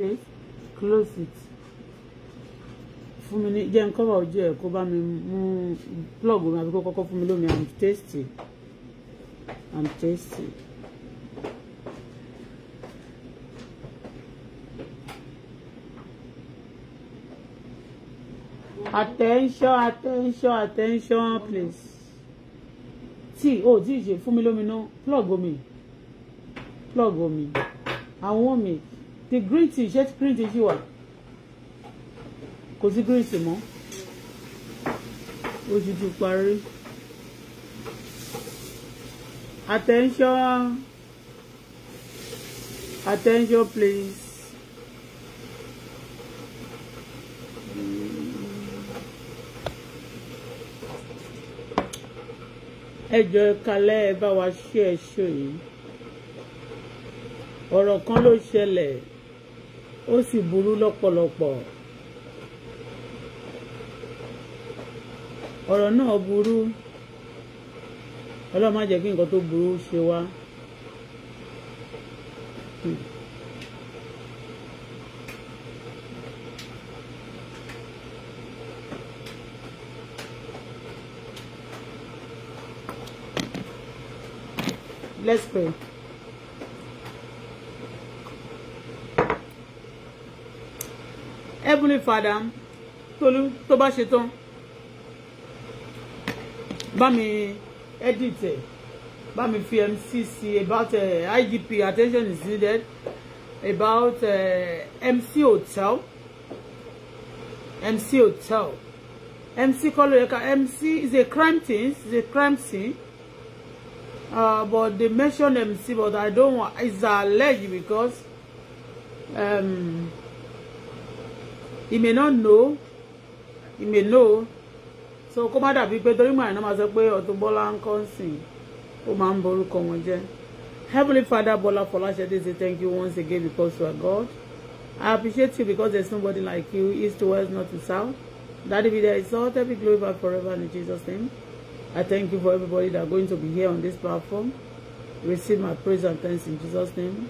eight close it fún mi ní jẹ́ nǹkan ojú ẹ̀ kó bá mi mú plug mi àbí kó kọ́kọ́ fún mi lómi i'm tasty i'm tasty. attention attention attention please tí o tí ì ṣe fún mi lómi plug omi plug omi i want milk the green tea ṣé green tea ṣì wà kò sí green tea mọ́ ó ti ti parí attention attention please. ẹjọ kalẹ̀ ẹ bá wa ṣe ẹṣọ yìí ọ̀rọ̀ kan ló ṣẹlẹ̀ ó sì burú lọ́pọ̀lọpọ̀ ọ̀rọ̀ náà burú ọlọ́run má jẹ́ kí nǹkan tó burú ṣe wá. Let's pray. Heavenly Father tolú tó bá ṣe tán bá mi edit ẹ̀ bá mi fi MCC about uh, eh, IGP attention is needed about uh, eh, MC hotel MC hotel MC kọlọyẹka MC is a crime thing is a crime scene. Uh, but they mention MC, but I don't want, it's alleged because um, he may not know he may know so kó má dàbí pé torí màá iná máa sọ pé Auto Bola ń kọ́ sìn ó máa ń borúkọ wọn jẹ́ Heavenly Father Bola Folashade say thank you once again because you are God I appreciate you because there is nobody like you east to west north to south Daddy be there exalted be glorified forever in Jesus name I thank you for everybody that are going to be here on this platform receive my praise and thanks in Jesus name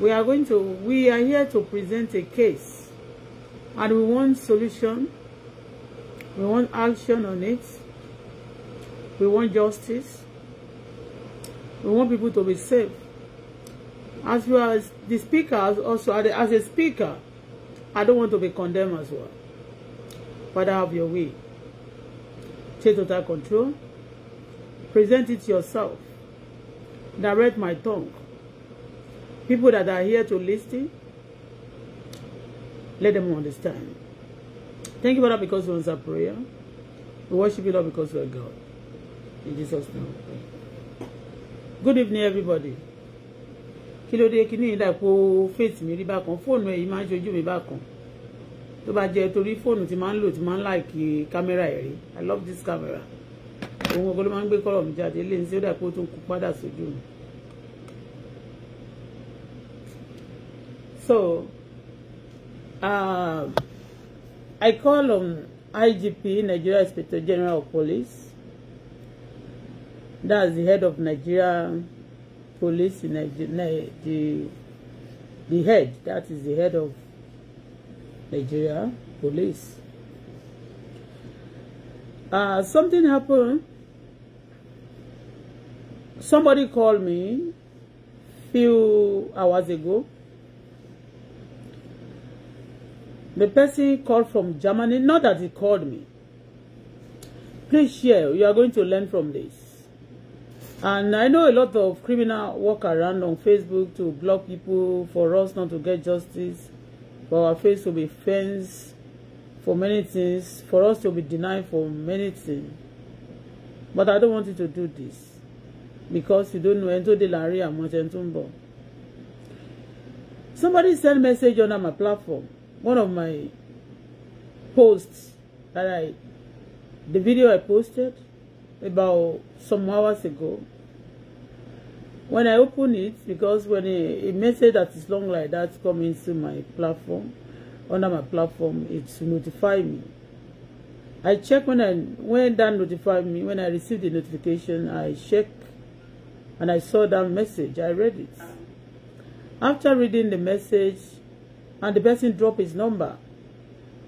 we are going to we are here to present a case and we want solution we want action on it we want justice we want people to be safe as well as the speakers also as a speaker I don't want to be condemned as well But I have your way take total control present it yourself direct my tongue people that are here to listen Let them understand. Thank you, Father, because you answer prayer. We worship you, Lord, because we are God. In Jesus' name. Good evening, everybody. Kí ló dé kí ní face mi rí bákan fóònù ẹ̀ yìí máa ń ṣojú mi bákan tó bá jẹ́ torí fóònù tí máa ń lò tí máa ń láìkí kámẹ́rà ẹ̀ I love this camera òun ọgọ́ ló máa ń gbé mi jáde lẹ́yìn tí ó dàpọ̀ tó ń kú padà sójú So Uh, I call on IGP, Nigeria Inspector General of Police. That's the head of Nigeria Police in Nigeria. The, the head, that is the head of Nigeria Police. Uh, something happened. Somebody called me few hours ago. The person called from Germany, not that he called me. Please share. You are going to learn from this. And I know a lot of criminal walk around on Facebook to block people for us not to get justice, for our face to be fenced, for many things, for us to be denied for many things. But I don't want you to do this because you don't know ẹni tó dé láàrin Somebody send message under my platform one of my posts that I, the video I posted about some hours ago. When I open it, because when a, a message that is long like that come into my platform, under my platform, it notify me. I check when I when that notified me, when I received the notification, I check and I saw that message. I read it. After reading the message, and the person dropped his number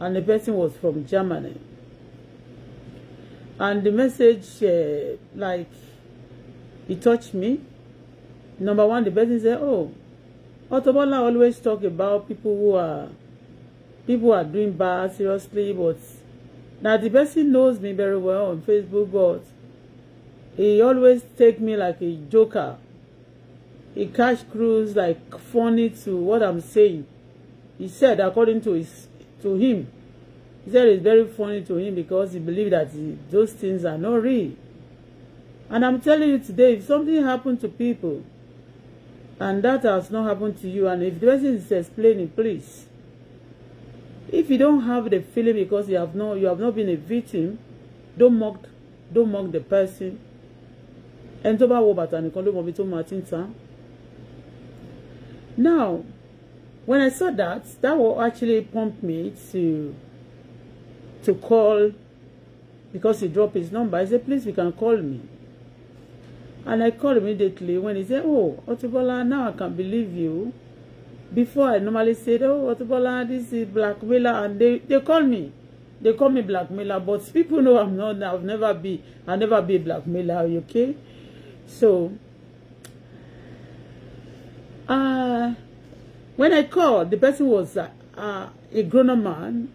and the person was from Germany and the message uh, like he touched me number one the person said oh Otobola always talk about people who are people who are doing bad seriously but now the person knows me very well on Facebook but he always take me like a joker he catch cruise like funny to what I'm saying he said according to his to him he said it's very funny to him because he believed that he, those things are not real and I'm telling you today if something happened to people and that has not happened to you and if the person is explaining please if you don't have the feeling because you have not you have not been a victim don't mock don't mock the person now when I saw that, that will actually pump me to to call because he dropped his number. I said, please, you can call me. And I called immediately when he said, oh, Otubola, now I can believe you. Before I normally said, oh, Otubola, this is blackmailer, and they, they call me. They call me blackmailer, but people know I'm not, I've never be, I'll never be blackmailer, okay? So, uh, When I called, the person was uh, uh, a grown-up man.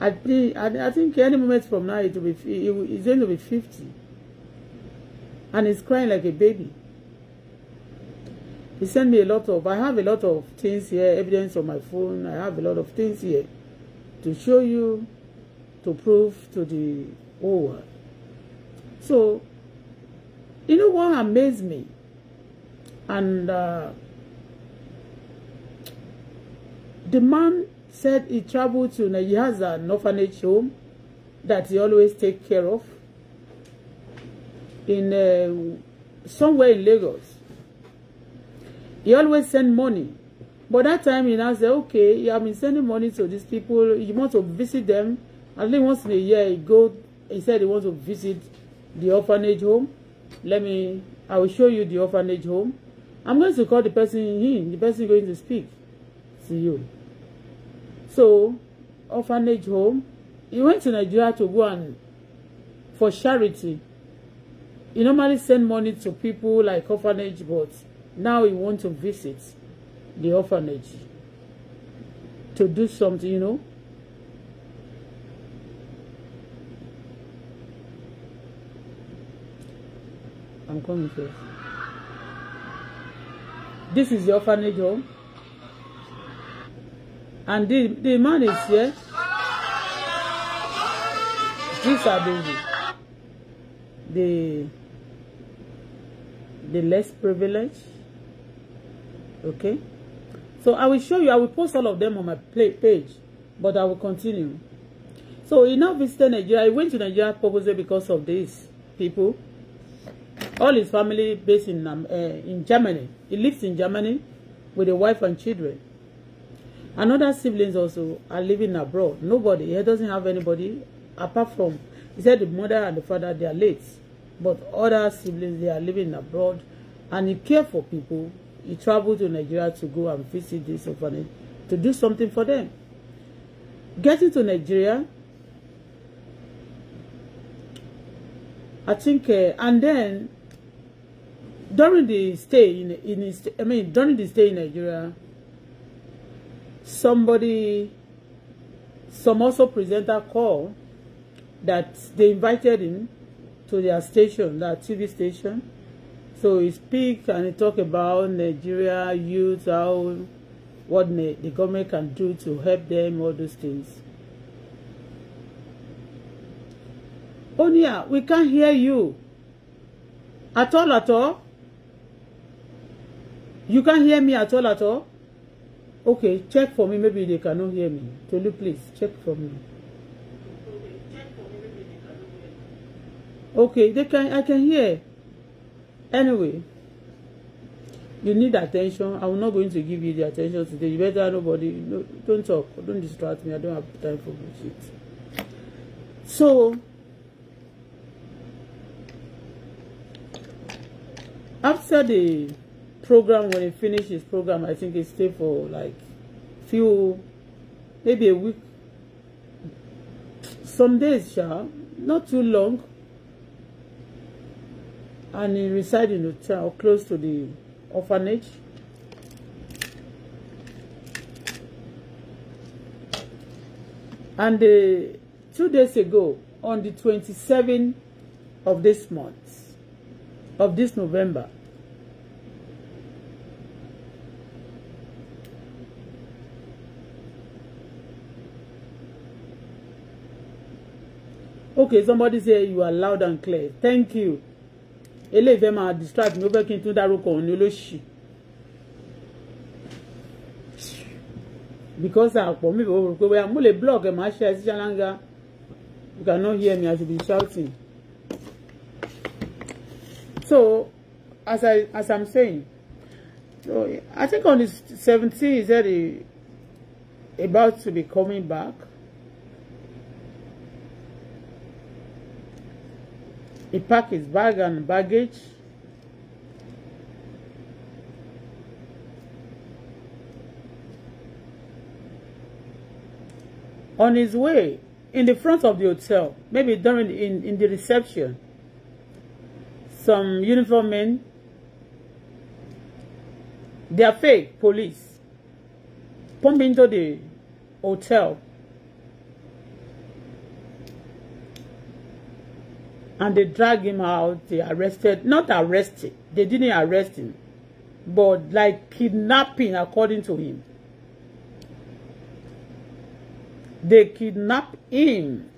I think, I, I think any moment from now, it will be, it will, he's going to be 50. And he's crying like a baby. He sent me a lot of, I have a lot of things here, evidence on my phone. I have a lot of things here to show you, to prove to the whole world. So, you know what amazed me? And... Uh, The man said he traveled to Nigeria, has an orphanage home that he always take care of in uh, somewhere in Lagos. He always send money. But that time he now said, okay, you have been sending money to these people. You want to visit them. At least once in a year, he go. He said he wants to visit the orphanage home. Let me, I will show you the orphanage home. I'm going to call the person in, the person going to speak See you so orphanage home he went to Nigeria to go and for charity he normally send money to people like orphanage but now he want to visit the orphanage to do something you know I'm coming first this is the orphanage home and the the man is here these are the the the less privileged okay so i will show you i will post all of them on my page but i will continue so he now visited nigeria he went to nigeria purposely because of these people all his family based in um, uh, in germany he lives in germany with a wife and children Another siblings also are living abroad. Nobody. He doesn't have anybody apart from, he said the mother and the father, they are late. But other siblings, they are living abroad. And he care for people. He traveled to Nigeria to go and visit this orphanage to do something for them. Getting to Nigeria, I think, uh, and then during the stay in, in his, I mean, during the stay in Nigeria, somebody, some also presenter called that they invited him to their station, that TV station. So he speak and he talk about Nigeria youth, how what the government can do to help them, all those things. Onia, we can't hear you. At all, at all. You can't hear me at all, at all. Okay, check for me. Maybe they cannot hear me. Tolu, please check for me. Okay, they can. I can hear. Anyway, you need attention. I'm not going to give you the attention today. You better nobody. No, don't talk. Don't distract me. I don't have time for bullshit. So. After the program when he finished his program i think he stayed for like few maybe a week some days sha not too long and he reside in hotel or close to the orphanage and uh, two days ago on the 27th of this month of this November okay somebody say you are loud and clear thank you eléyìí máa distract mi ó fẹ́ kí n tún dárúkọ òun ní olóṣì because àpò mi ò rò pé bóyá mo lè block ẹ̀ máa ṣe ẹ̀ sí ṣáláńgá you cannot hear me as you be shouting so as I as I'm saying so I think on the seventeen he said he about to be coming back He packed his bag and baggage. On his way, in the front of the hotel, maybe during in, in the reception, some uniformed men, they are fake police, pump into the hotel and they dragged him out. They arrested, not arrested, they didn't arrest him, but like kidnapping, according to him. They kidnapped him.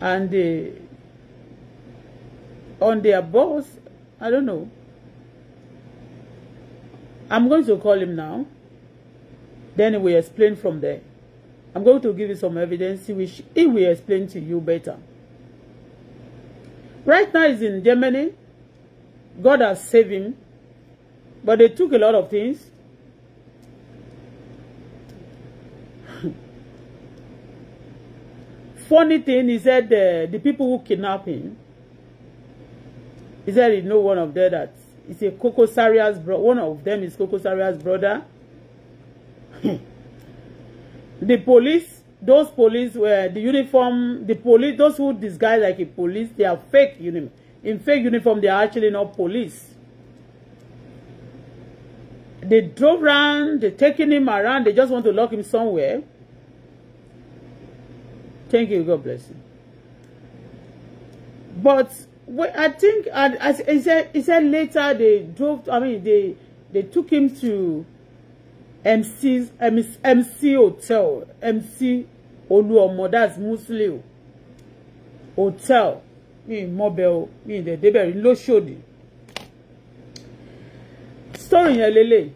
And they, on their boss, I don't know. I'm going to call him now. Then we explain from there. I'm going to give you some evidence which he will explain to you better. Right now he's in Germany. God has saved him. But they took a lot of things. Funny thing, he said uh, the people who kidnapped him, he said he know one of them that is a Koko Saria's bro one of them is Koko Saria's brother. the police those police were uh, the uniform the police those who disguise like a police they are fake uniform in fake uniform they are actually not police they drove around they taking him around they just want to lock him somewhere thank you god bless you but i think as he said he said later they drove i mean they they took him to MC, MC, MC Hotel, MC Oluomo, that's Muslim Hotel. Mi mọ́bẹ̀ o, mi ìdẹ̀ débẹ̀ rí lóṣòdì. Story yẹn lélẹ̀.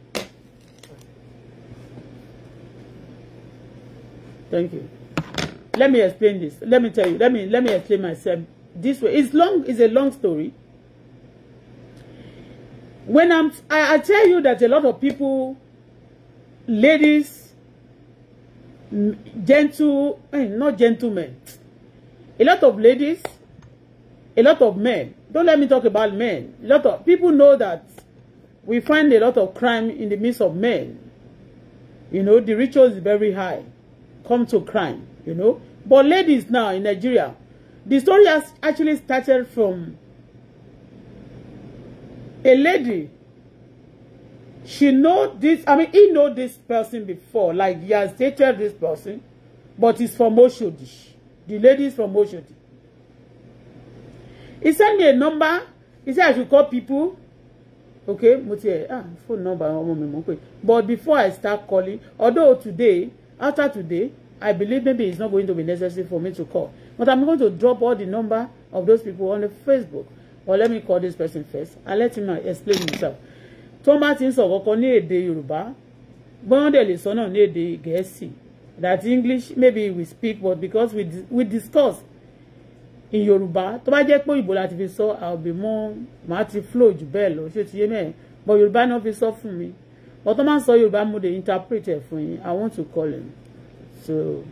Thank you. Let me explain this. Let me tell you. Let me let me explain myself this way. It's long. It's a long story. When I'm, I, I tell you that a lot of people ladies, gentle, eh, not gentlemen, a lot of ladies, a lot of men. Don't let me talk about men. A lot of people know that we find a lot of crime in the midst of men. You know, the rituals is very high. Come to crime, you know. But ladies now in Nigeria, the story has actually started from a lady she know this i mean he know this person before like he has dated this person but it's from Oshodi the lady is from Oshodi he sent me a number he said i should call people okay mo ah phone number but before i start calling although today after today i believe maybe it's not going to be necessary for me to call but i'm going to drop all the number of those people on the facebook or let me call this person first and let him explain himself tó bá ti ń sọ kọ́kọ́ ní èdè yorùbá gbọ́n dẹ̀ lè sọ náà ní èdè gẹ̀ẹ́sì that english maybe we speak but because we, we discuss in yorùbá tó bá jẹ́ pé òyìnbó la ti fi sọ i'll be more màá ti flow jù bẹ́ẹ̀ lọ ṣé ti yé mẹ́ẹ̀ but yorùbá náà fi sọ fún mi but tó máa ń sọ yorùbá mo dey interpret ẹ̀ fún yín i want to call him so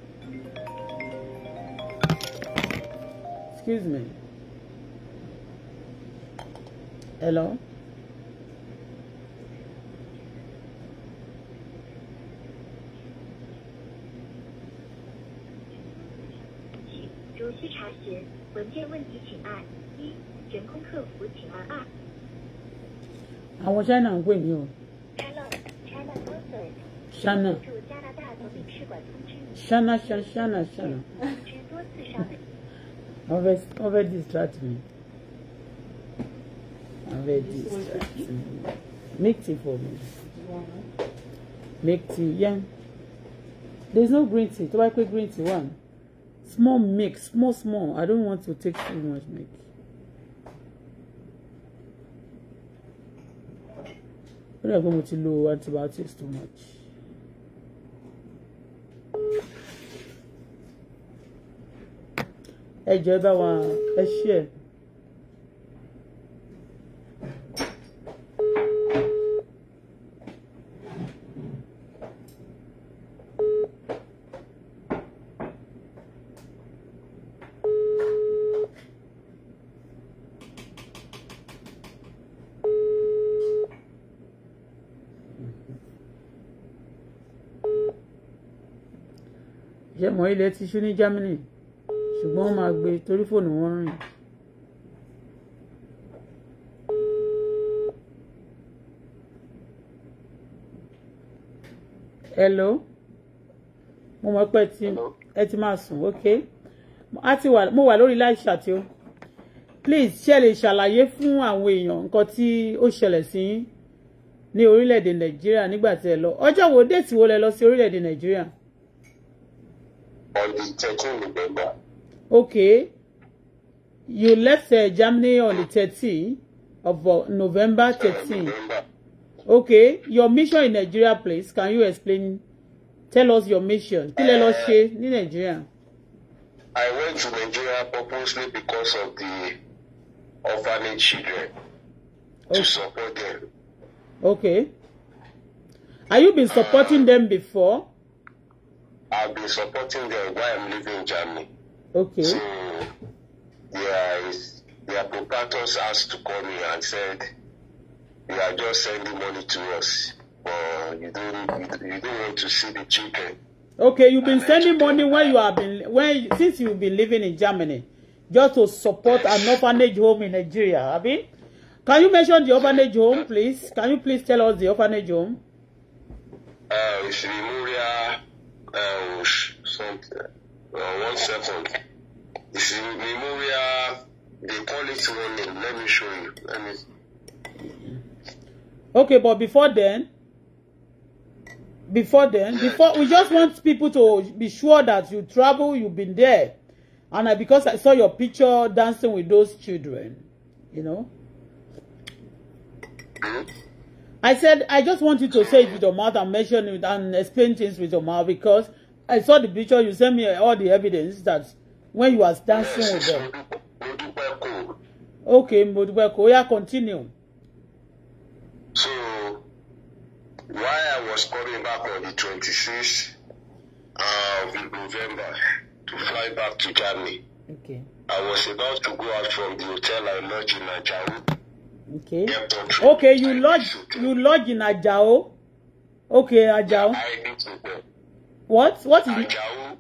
excuse me hello. 节，文件问题请按一，人工客服请按二。àwọn China ń pè mí o. Hello, China Consulate. China. 驻加拿大总领事馆通知你。China, China, China. 请多次稍等。Over, over Make tea for me. Make tea, yeah. There's no green tea. Do I put green tea one? small milk small small i don't want to take too much milk I don't want to ti antibiotics too much. ẹ jẹ́ bá wa ẹ ṣí àwọn ilẹ̀ ti ṣú ní Germany ṣùgbọ́n wọ́n máa gbé torí fóònù wọn rìn. hello mo mọ̀ pé ẹ ti máa sùn ok mo wà lórí live chat o please ṣe lè ṣàlàyé fún àwọn èèyàn nǹkan tí ó ṣẹlẹ̀ sí yín ní orílẹ̀-èdè Nàìjíríà nígbà tí ẹ lọ ọjọ́ wo déètì wo lẹ lọ sí orílẹ̀-èdè Nàìjíríà on the 13 November. Okay. You left uh, Germany on the 13th of uh, November 13 okay. Your mission in Nigeria, please. Can you explain? Tell us your mission. Tell us, lọ in Nigeria. I went to Nigeria purposely because of the orphanage children okay. to support them. Okay. Have you been supporting uh, them before? I've been supporting them while I'm living in Germany. Okay. So, yeah, their proprietors asked to call me and said, "You are just sending money to us, but you don't, you, don't want to see the children." Okay, you've been and sending money when you have been when since you've been living in Germany, just to support an orphanage home in Nigeria. have you? can you mention the orphanage home, please? Can you please tell us the orphanage home? Uh, it's Memoria Eh, uh, something, uh, one second. It's Memoria, they call it one name. Let me show you. Let me. Okay, but before then, before then, before we just want people to be sure that you travel, you've been there. And I, because I saw your picture dancing with those children, you know. Mm-hmm. I said, I just want you to say it with your mouth and mention it and explain things with your mouth because I saw the picture, you sent me all the evidence that when you was dancing with them. Okay, Modubeko, yeah, continue. So, why I was coming back on the 26th of November to fly back to Germany. Okay. I was about to go out from the hotel I lodged in Nigeria. Okay. Okay, you lodge you lodge in Ajao. Okay, Ajao. What? What is it? Ajao.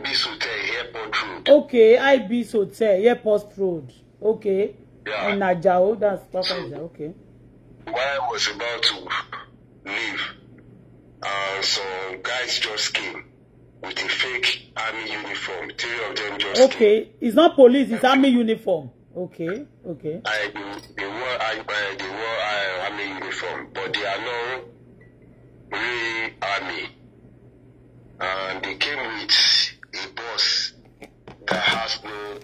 IBIS Hotel, Airport Road. Okay, IBIS Hotel, Airport Road. Okay. Yeah. In Ajao, that's Papa so, Ajao. Okay. While I was about to leave, uh, some guys just came with a fake army uniform. Three of them just Okay, came. it's not police, it's army uniform. Okay, okay. I, they wore, I, uh, uh, I, they wore uh, army uniform, but they are not really army. And they came with a bus that has no,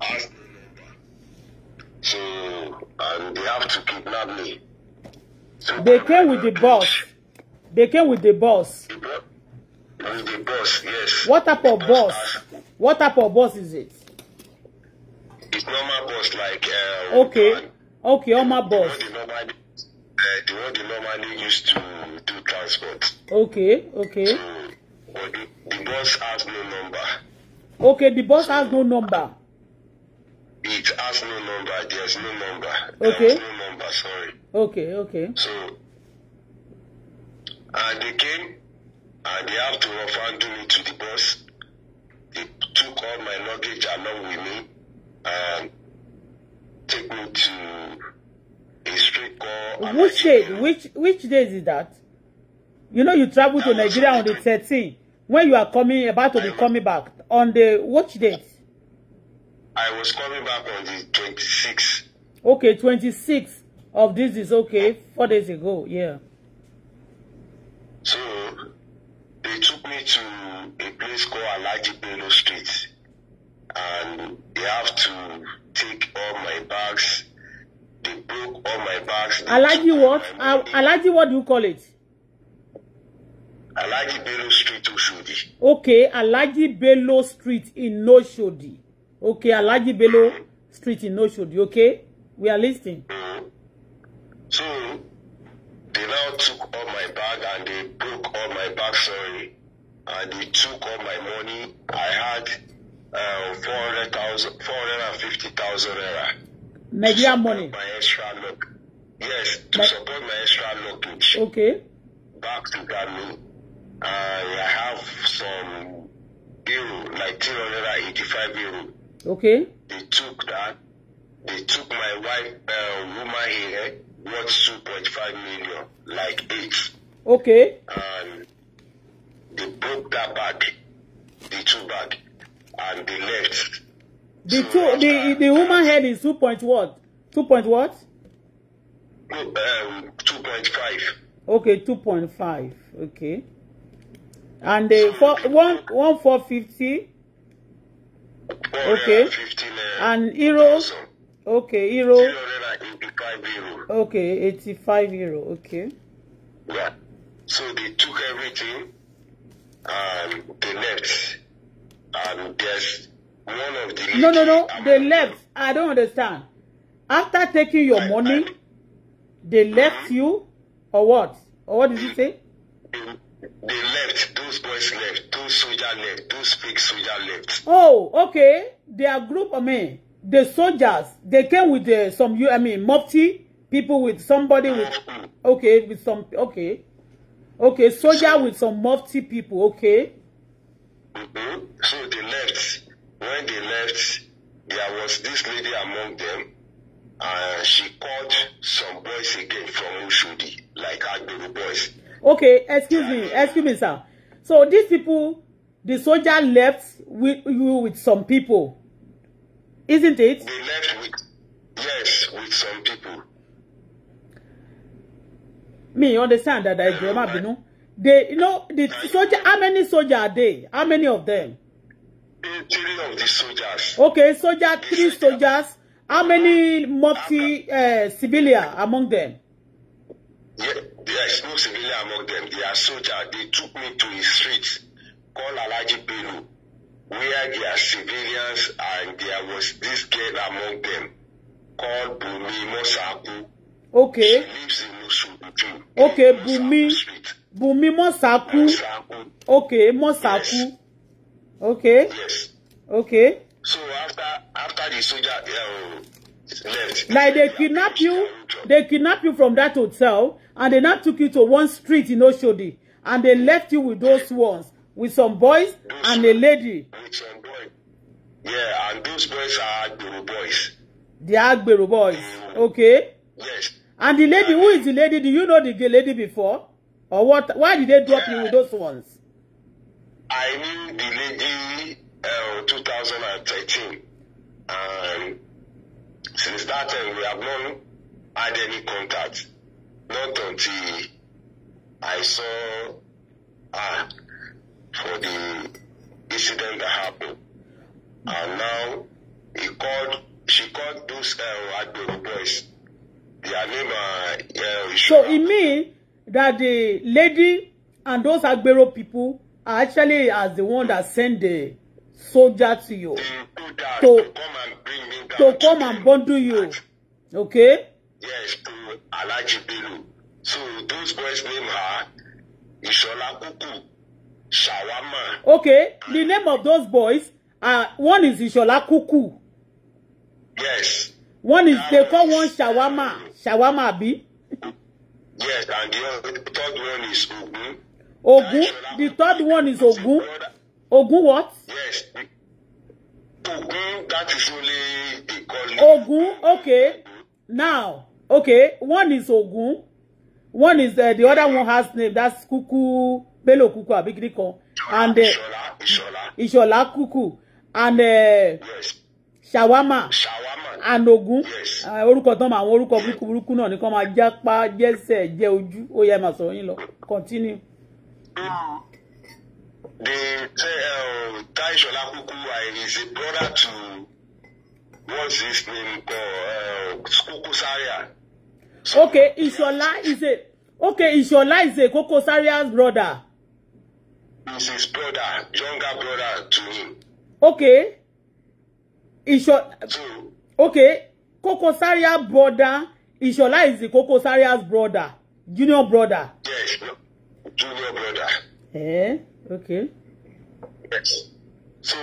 has no So, and they have to kidnap me. So they came with the bus. They came with the bus. With the bus, yes. What type of bus? What type of bus is it? like um, okay, uh, okay, on my boss. Eh, the normally, uh, the one they normally used to do transport. Okay, okay. So, but the, the bus has no number. Okay, the bus has no number. It has no number. There's no number. Okay. no number. Sorry. Okay. Okay. So, and they came, and they have to abandon me to the bus. They took all my luggage along with me, and take to a called. Which day? Which which day is that? You know, you travel to Nigeria on the 13th. When you are coming, about to be coming back on the which date? I was coming back on the 26th. Okay, 26 of this is okay. Four days ago, yeah. So they took me to a place called Alaji Bello Street and they have to take all my bags. They broke all my bags. Alaji what? Uh, Alaji what do you call it? Alaji Bello Street, Oshodi. Okay, Alaji Bello Street in Oshodi. Okay, Alaji Bello Street in Oshodi. Okay, we are listening. Mm-hmm. So they now took all my bag and they broke all my bag, sorry, and they took all my money. I had uh, 400,000, 450,000 naira. Nigerian money. My extra look. Yes, to my... support my extra luggage. Okay. Back to Ghana. Uh, I have some euro, like 385 euro. Okay. They took that. They took my wife, uh, woman here, worth 2.5 million, like eight. Okay. And they broke that bag, the two bag and they left. The two, the uh, the woman head is two point what? Two point what? Um, two point five. Okay, two point five. Okay. And the four, one one four fifty. Uh, okay. Uh, and euros? Okay, euro. Okay, eighty-five euro. Okay. Yeah. So they took everything and um, they left one of the. No, no, no. They left. I don't understand. After taking your I, money, I, they left uh-huh. you, or what? Or what did you say? They left. Those boys left. Those soldiers left. Those big soldiers left. Oh, okay. They are group of men. The soldiers. They came with the, uh, some. You, I mean, mufti people with somebody with. Uh-huh. Okay, with some. Okay. Okay, soldier with some mufti people. Okay. Mm-hmm. So they left. When they left, there was this lady among them, and she called some boys again from Ushudi, like Agbero boys. Okay, excuse me, excuse me, sir. So these people, the soldier left with you with some people, isn't it? They left with yes, with some people. Me understand that I grammar, you know. They, you know, the soldier, how many soldiers are they? How many of them? Three of the soldiers. Okay, soldier, three soldiers. How many multi uh, civilian among them? Yeah, there is no civilian among them. They are soldiers. They took me to a street called Alaji Pelu, where there are civilians and there was this girl among them called Bumi Mosaku. Okay. She lives in Musudu. Okay, Bumi. Street. Bùnmi Mọ́sàkú. Okay, Mọ́sàkú. Yes. Okay. Yes. Okay. So after after the soldier uh, left. Like they kidnap you, they kidnap you from that hotel and they now took you to one street in Oshodi and they left you with those ones, with some boys those, and a lady. With some boy. Yeah, and those boys are Agbero boys. They are Agbero boys. Mm. Okay. Yes. And the lady, who is the lady? Do you know the lady before? Or what? Why did they drop yeah. you with those ones? I mean, the lady uh, 2013, and since that time we have not had any contact. Not until I saw her ah, for the incident that happened, and now he called. She called those uh, Agbero boys. Their name are. Uh, so it means that the lady and those Agbero people are actually as the one that send the soldier to you mm, to to come and bundle you okay. yes to Alaji Bello so those boys name her Ishola Kuku Shawama. okay the name of those boys are one is Ishola Kuku. yes. one is they call one Shawama Shawama abi. Yes, and the, third one is Ogun. Ogun? The third one is Ogun? Ogun what? Yes. Ogun, that is only they call Ogun, okay. Now, okay, one is Ogun. One is uh, the other one has name. That's Kuku, Bello Kuku, Abigiriko. And uh, Ishola, Ishola. Ishola Kuku. And uh, yes shawama anogun orúkọ tán àwọn orúkọ burúkú burúkú náà ni kán máa jápá jẹsẹ jẹ ojú ó yẹ màá sọ̀rọ̀ yín lọ continue. Ah. the uh, Kuku is a brother to what's his name uh, Kuku Zaria. So, okay Ishola is a okay Ishola is a Koko Zaria's brother. He's his brother younger brother to him. okay okay, Koko Zaria brother. Ishola is the Koko Zaria's brother, junior brother. Yes, junior brother. Eh, okay. Yes. So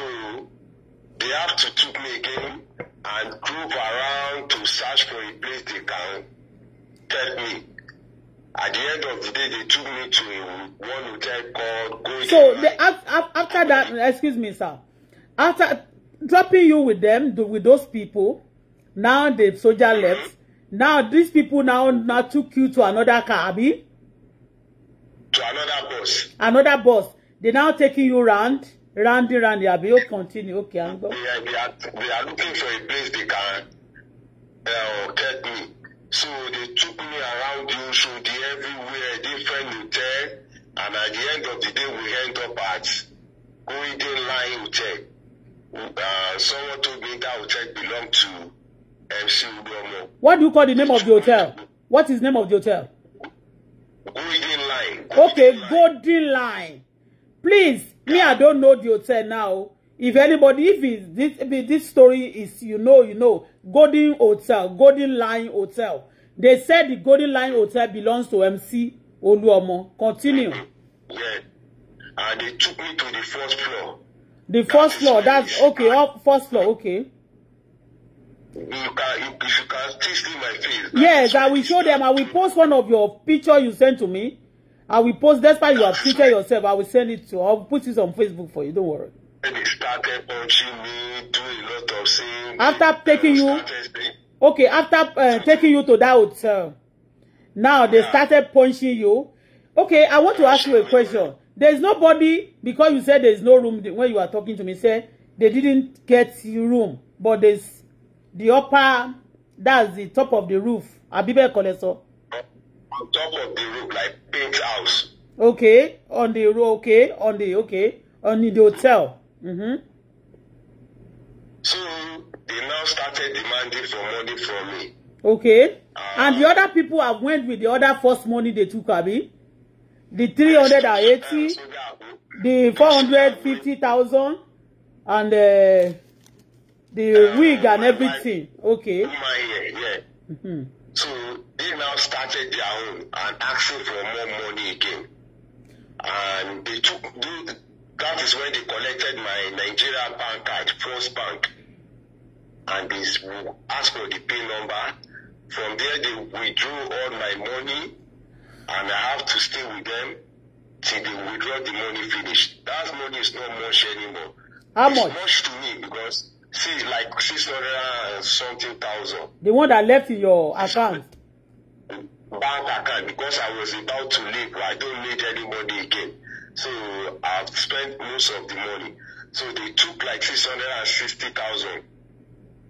they have to took me again and group around to search for a place they can help me. At the end of the day, they took me to a one hotel called Golden. So they, after, after that, excuse me, sir. After dropping you with them, with those people. Now the soldier left. Now these people now, now took you to another car, abi? To another bus. Another bus. They now taking you round, roundy, roundy, abi? You continue, okay, I'm going. Yeah, they are, they are looking for a place they can uh, get me. So they took me around You the Oshodi everywhere, different hotel, and at the end of the day, we end up at Golden Line Hotel. Uh, someone told me that hotel belonged to MC Udomo. What do you call the name of the hotel? What is the name of the hotel? Golden Line. Golden okay, Line. Golden Line. Please, yeah. me, I don't know the hotel now. If anybody, if it, this, if this story is, you know, you know, Golden Hotel, Golden Line Hotel. They said the Golden Line Hotel belongs to MC Oluomo. Continue. Yeah. And they took me to the first floor. The first floor, that's okay, up first floor, okay. You can, you, you can still see my face. Yes, I will show them. I will post one of your picture you sent to me. I will post, That's why you have picture yourself, I will send it to, I'll put it on Facebook for you, don't worry. They started punching me, doing a lot of things. After taking you, okay, after uh, taking you to that hotel, now they started punching you. Okay, I want to ask you a question. There's nobody, because you said there's no room when you are talking to me, say they didn't get room, but there's the upper, that's the top of the roof. Abibe Koleso. On top of the roof, like paint house. Okay, on the roof. okay, on the, okay, on the hotel. Mm-hmm. So they now started demanding for money from me. Okay. Uh, and the uh, other people have went with the other first money they took, Abi the three hundred eighty the four hundred fifty thousand and uh, the um, wig and everything okay. Mm-hmm. So they now started their own and asking for more money again and they took they, that is when they collected my Nigeria bank card First Bank and they asked for the pin number from there they withdrew all my money and I have to stay with them till they withdraw the money finish. That money is not much anymore. How it's much? much to me because see, like six hundred and something thousand. The one that left in your account. Bank account because I was about to leave. I don't need anybody again. So I've spent most of the money. So they took like six hundred and sixty thousand.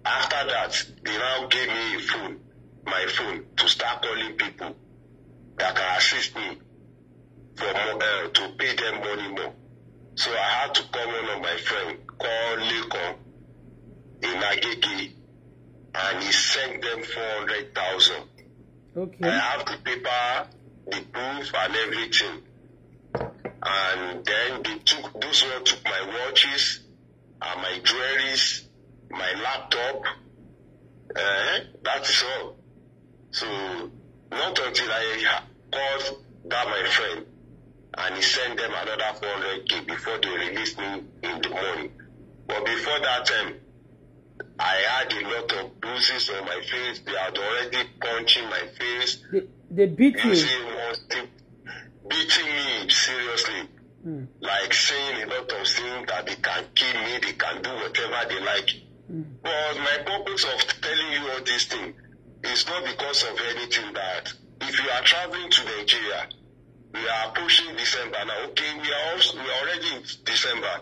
After that, they now gave me a phone, my phone, to start calling people that can assist me for more, uh, to pay them money more. So I had to call one of my friend called Lekon in Agege and he sent them 400,000. Okay. I have the paper, the proof and everything. And then they took, those one took my watches and my jewelries, my laptop. Uh, that all. So Not until I called that my friend and he sent them another 400k before they released me in the morning. But before that time, I had a lot of bruises on my face. They had already punching my face. They, they beat you. Using, beating me seriously. Mm. Like saying a lot of things that they can kill me, they can do whatever they like. Mm. But my purpose of telling you all these things It's not because of anything that if you are traveling to Nigeria, we are approaching December now. Okay, we are also, we are already in December.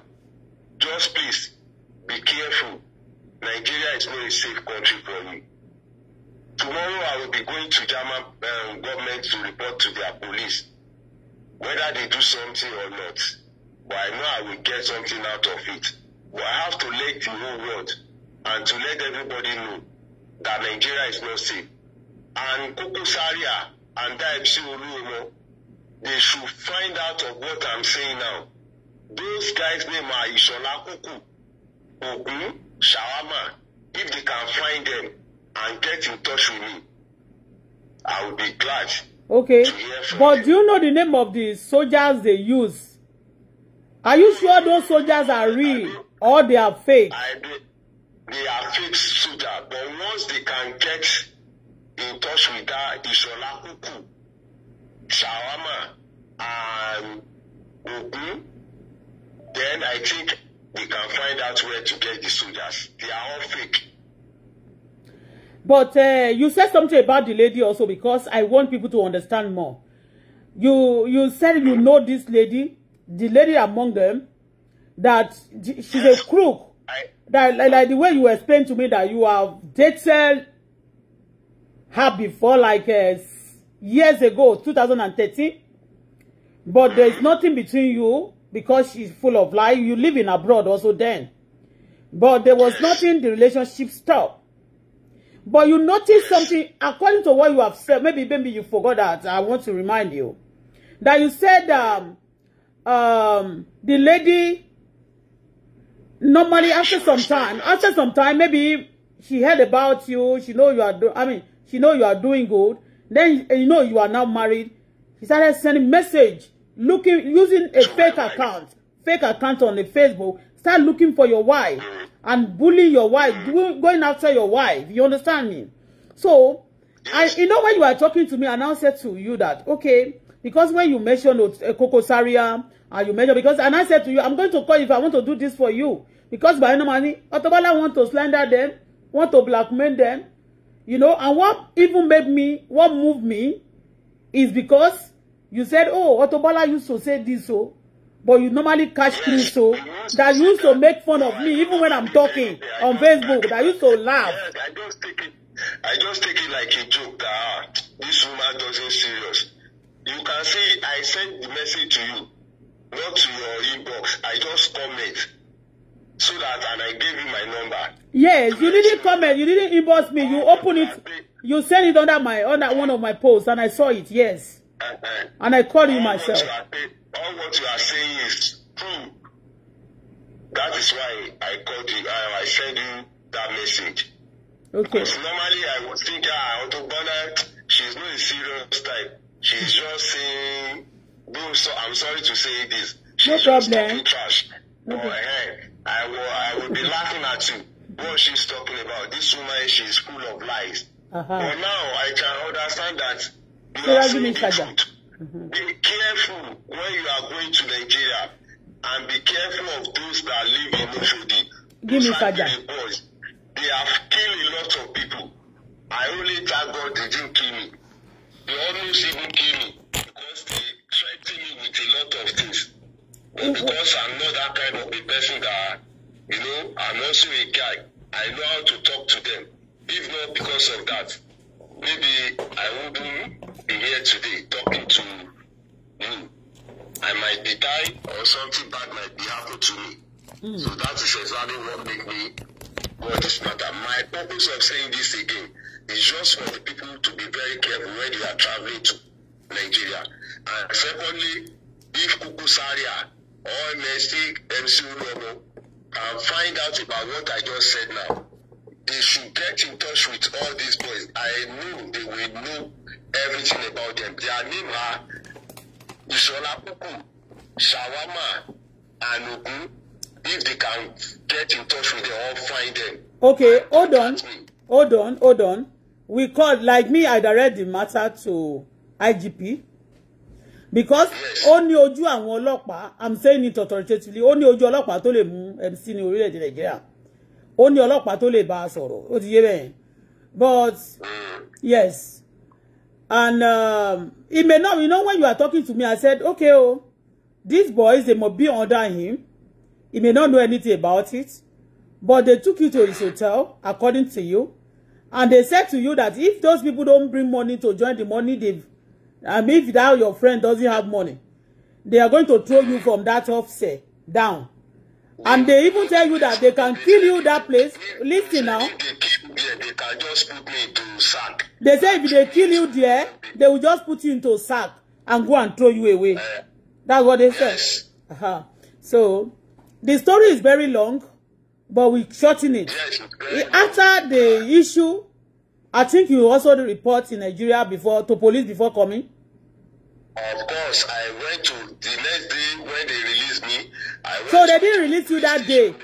Just please be careful. Nigeria is not a safe country for you. Tomorrow I will be going to German um, government to report to their police whether they do something or not. But I know I will get something out of it. But I have to let the whole world and to let everybody know that Nigeria is not safe. And Kukusaria Zaria and Daipsi Oluomo, they should find out of what I'm saying now. Those guys' name are Isola Kuku, Ogun, Shawama. If they can find them and get in touch with me, I will be glad. Okay, but them. do you know the name of the soldiers they use? Are you sure those soldiers are real or they are fake? I do they are fake soldiers but once they can get in touch with that Isola Kuku, Shawama, and Ogun, then I think they can find out where to get the soldiers. They are all fake. But uh, you said something about the lady also because I want people to understand more. You you said you know this lady, the lady among them, that she's a crook. I, that like, like the way you explained to me that you have dated her before like uh, years ago 2013 but there is nothing between you because she's full of lies you live in abroad also then but there was nothing the relationship stopped but you noticed something according to what you have said maybe maybe you forgot that I want to remind you that you said um um the lady normally after some time, after some time, maybe she heard about you. She know you are. Do I mean, she know you are doing good. Then you know you are now married. She started sending message, looking using a fake account, fake account on the Facebook. Start looking for your wife and bullying your wife, going after your wife. You understand me? So, I you know when you are talking to me, I now said to you that okay, because when you mentioned uh, Coco Saria and you measure because and I said to you I'm going to call you if I want to do this for you because by no money Auto want to slander them want to blackmail them you know and what even made me what moved me is because you said oh Auto used to say this so oh. but you normally catch me so oh, that used to make fun of me even when I'm talking on Facebook that used to laugh. I just take it like a joke that ah, this woman doesn't serious. You can see I sent the message to you brought to your inbox. I just comment so that and I gave you my number. Yes, you didn't comment. You didn't inbox me. You open it. You send it under my under one of my posts, and I saw it. Yes, uh-uh. and I called you myself. all what you are saying is true. That is why I called you. I, sent you that message. Okay. Because normally I would think, ah, Auto Bonnet, she's not a serious type. She's just saying do so I'm sorry to say this. She's no problem. Trash. No problem. Oh, hey, I will I will be laughing at you. What she's talking about. This woman she's full of lies. Uh-huh. But now I can understand that you so are the truth. Mm-hmm. Be careful when you are going to Nigeria and be careful of those that live in Oshodi. Give me father. Boys. They have killed a lot of people. I only thank God they didn't kill me. They almost even killed me afflicting me with a lot of things. But because I'm not that kind of a person that, you know, I'm also a guy. I know how to talk to them. If not because of that, maybe I wouldn't be here today talking to you. I might be dying or something bad might be happening to me. Mm. So that is exactly what made me go this matter. My purpose of saying this again is just for the people to be very careful when they are traveling to Nigeria and secondly, if Kukusaria or MST MC Udomo can find out about what I just said now, they should get in touch with all these boys. I know they will know everything about them. Their name are Isola Kuku, Shawama, and Ogun. If they can get in touch with them or find them. Okay, hold on. Hold on, hold on. We called, like me, I direct the matter to IGP because ó ní ojú àwọn ọlọ́pàá i'm saying it authoritatively ó ní ojú ọlọ́pàá tó lè mú MC ní orílẹ̀-èdè nàìjíríà ó ní ọlọ́pàá tó lè bá a sọ̀rọ̀ ó ti yé bẹ́ẹ̀ but yes and um, it may not you know when you are talking to me i said okay oh these boys they must be under him he may not know anything about it but they took you to his hotel according to you and they said to you that if those people don't bring money to join the money they've And if that your friend doesn't have money, they are going to throw you from that officer down. And they even tell you that they can kill you that place. Listen now. They say if they kill you there, they will just put you into sack and go and throw you away. Eh, That's what they said. Uh-huh. So, the story is very long, but we're shorten it. After the issue I think you also report in Nigeria before to police before coming. Of course, I went to the next day when they released me. I went so they didn't release you that day,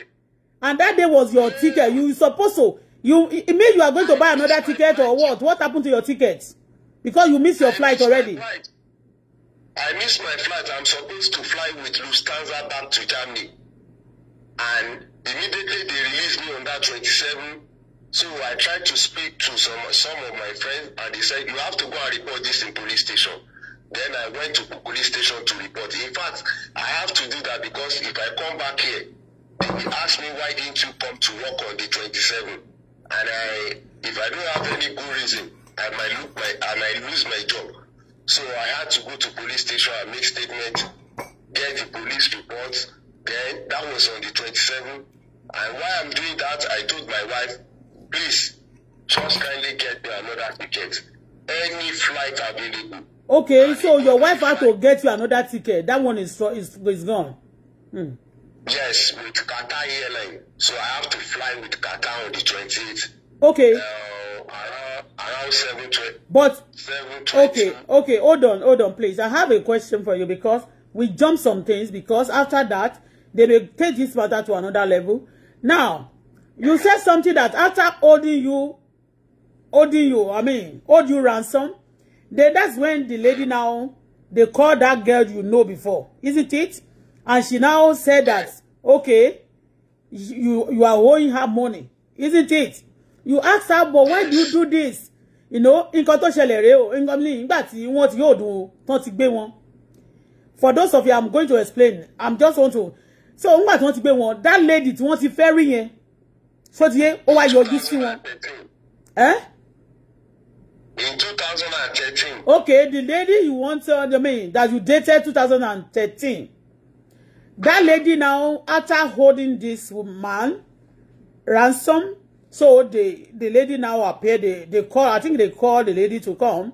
and that day was your ticket. You supposed to you it means you are going to buy another ticket or what? What happened to your ticket? Because you missed your I flight missed already. Flight. I missed my flight. I'm supposed to fly with Lufthansa back to Germany, and immediately they released me on that 27. So I tried to speak to some some of my friends, and they said you have to go and report this in police station. Then I went to police station to report. In fact, I have to do that because if I come back here, they ask me why didn't you come to work on the 27th? And I, if I don't have any good reason, I might look my and I lose my job. So I had to go to police station and make statement, get the police report. Then that was on the 27th. And while I'm doing that, I told my wife please just kindly get me another ticket any flight available. okay so your wife had to get you another ticket that one is is, is gone. Hmm. yes with Qatar airline so I have to fly with Qatar on the twenty-eighth. okay. Uh, around around seven twenty. but 720. okay okay hold on hold on please I have a question for you because we jump some things because after that they will take this matter to another level now You said something that after holding you, holding you, I mean, hold you ransom, then that's when the lady now, they call that girl you know before, isn't it? And she now said that, okay, you, you are owing her money, isn't it? You ask her, but why do you do this? You know, nǹkan tó o, nǹkan ní ìgbà tí wọ́n ti yóò dùn For those of you, I'm going to explain. I'm just want to. So, nígbà tí wọ́n ti that lady wants to ferry fẹ́ so ti yé ó wá yọjú sí Eh? In 2013. Okay, the lady you want uh, I mean that you dated 2013. That lady now, after holding this man ransom, so the the lady now appeared. They they call. I think they called the lady to come.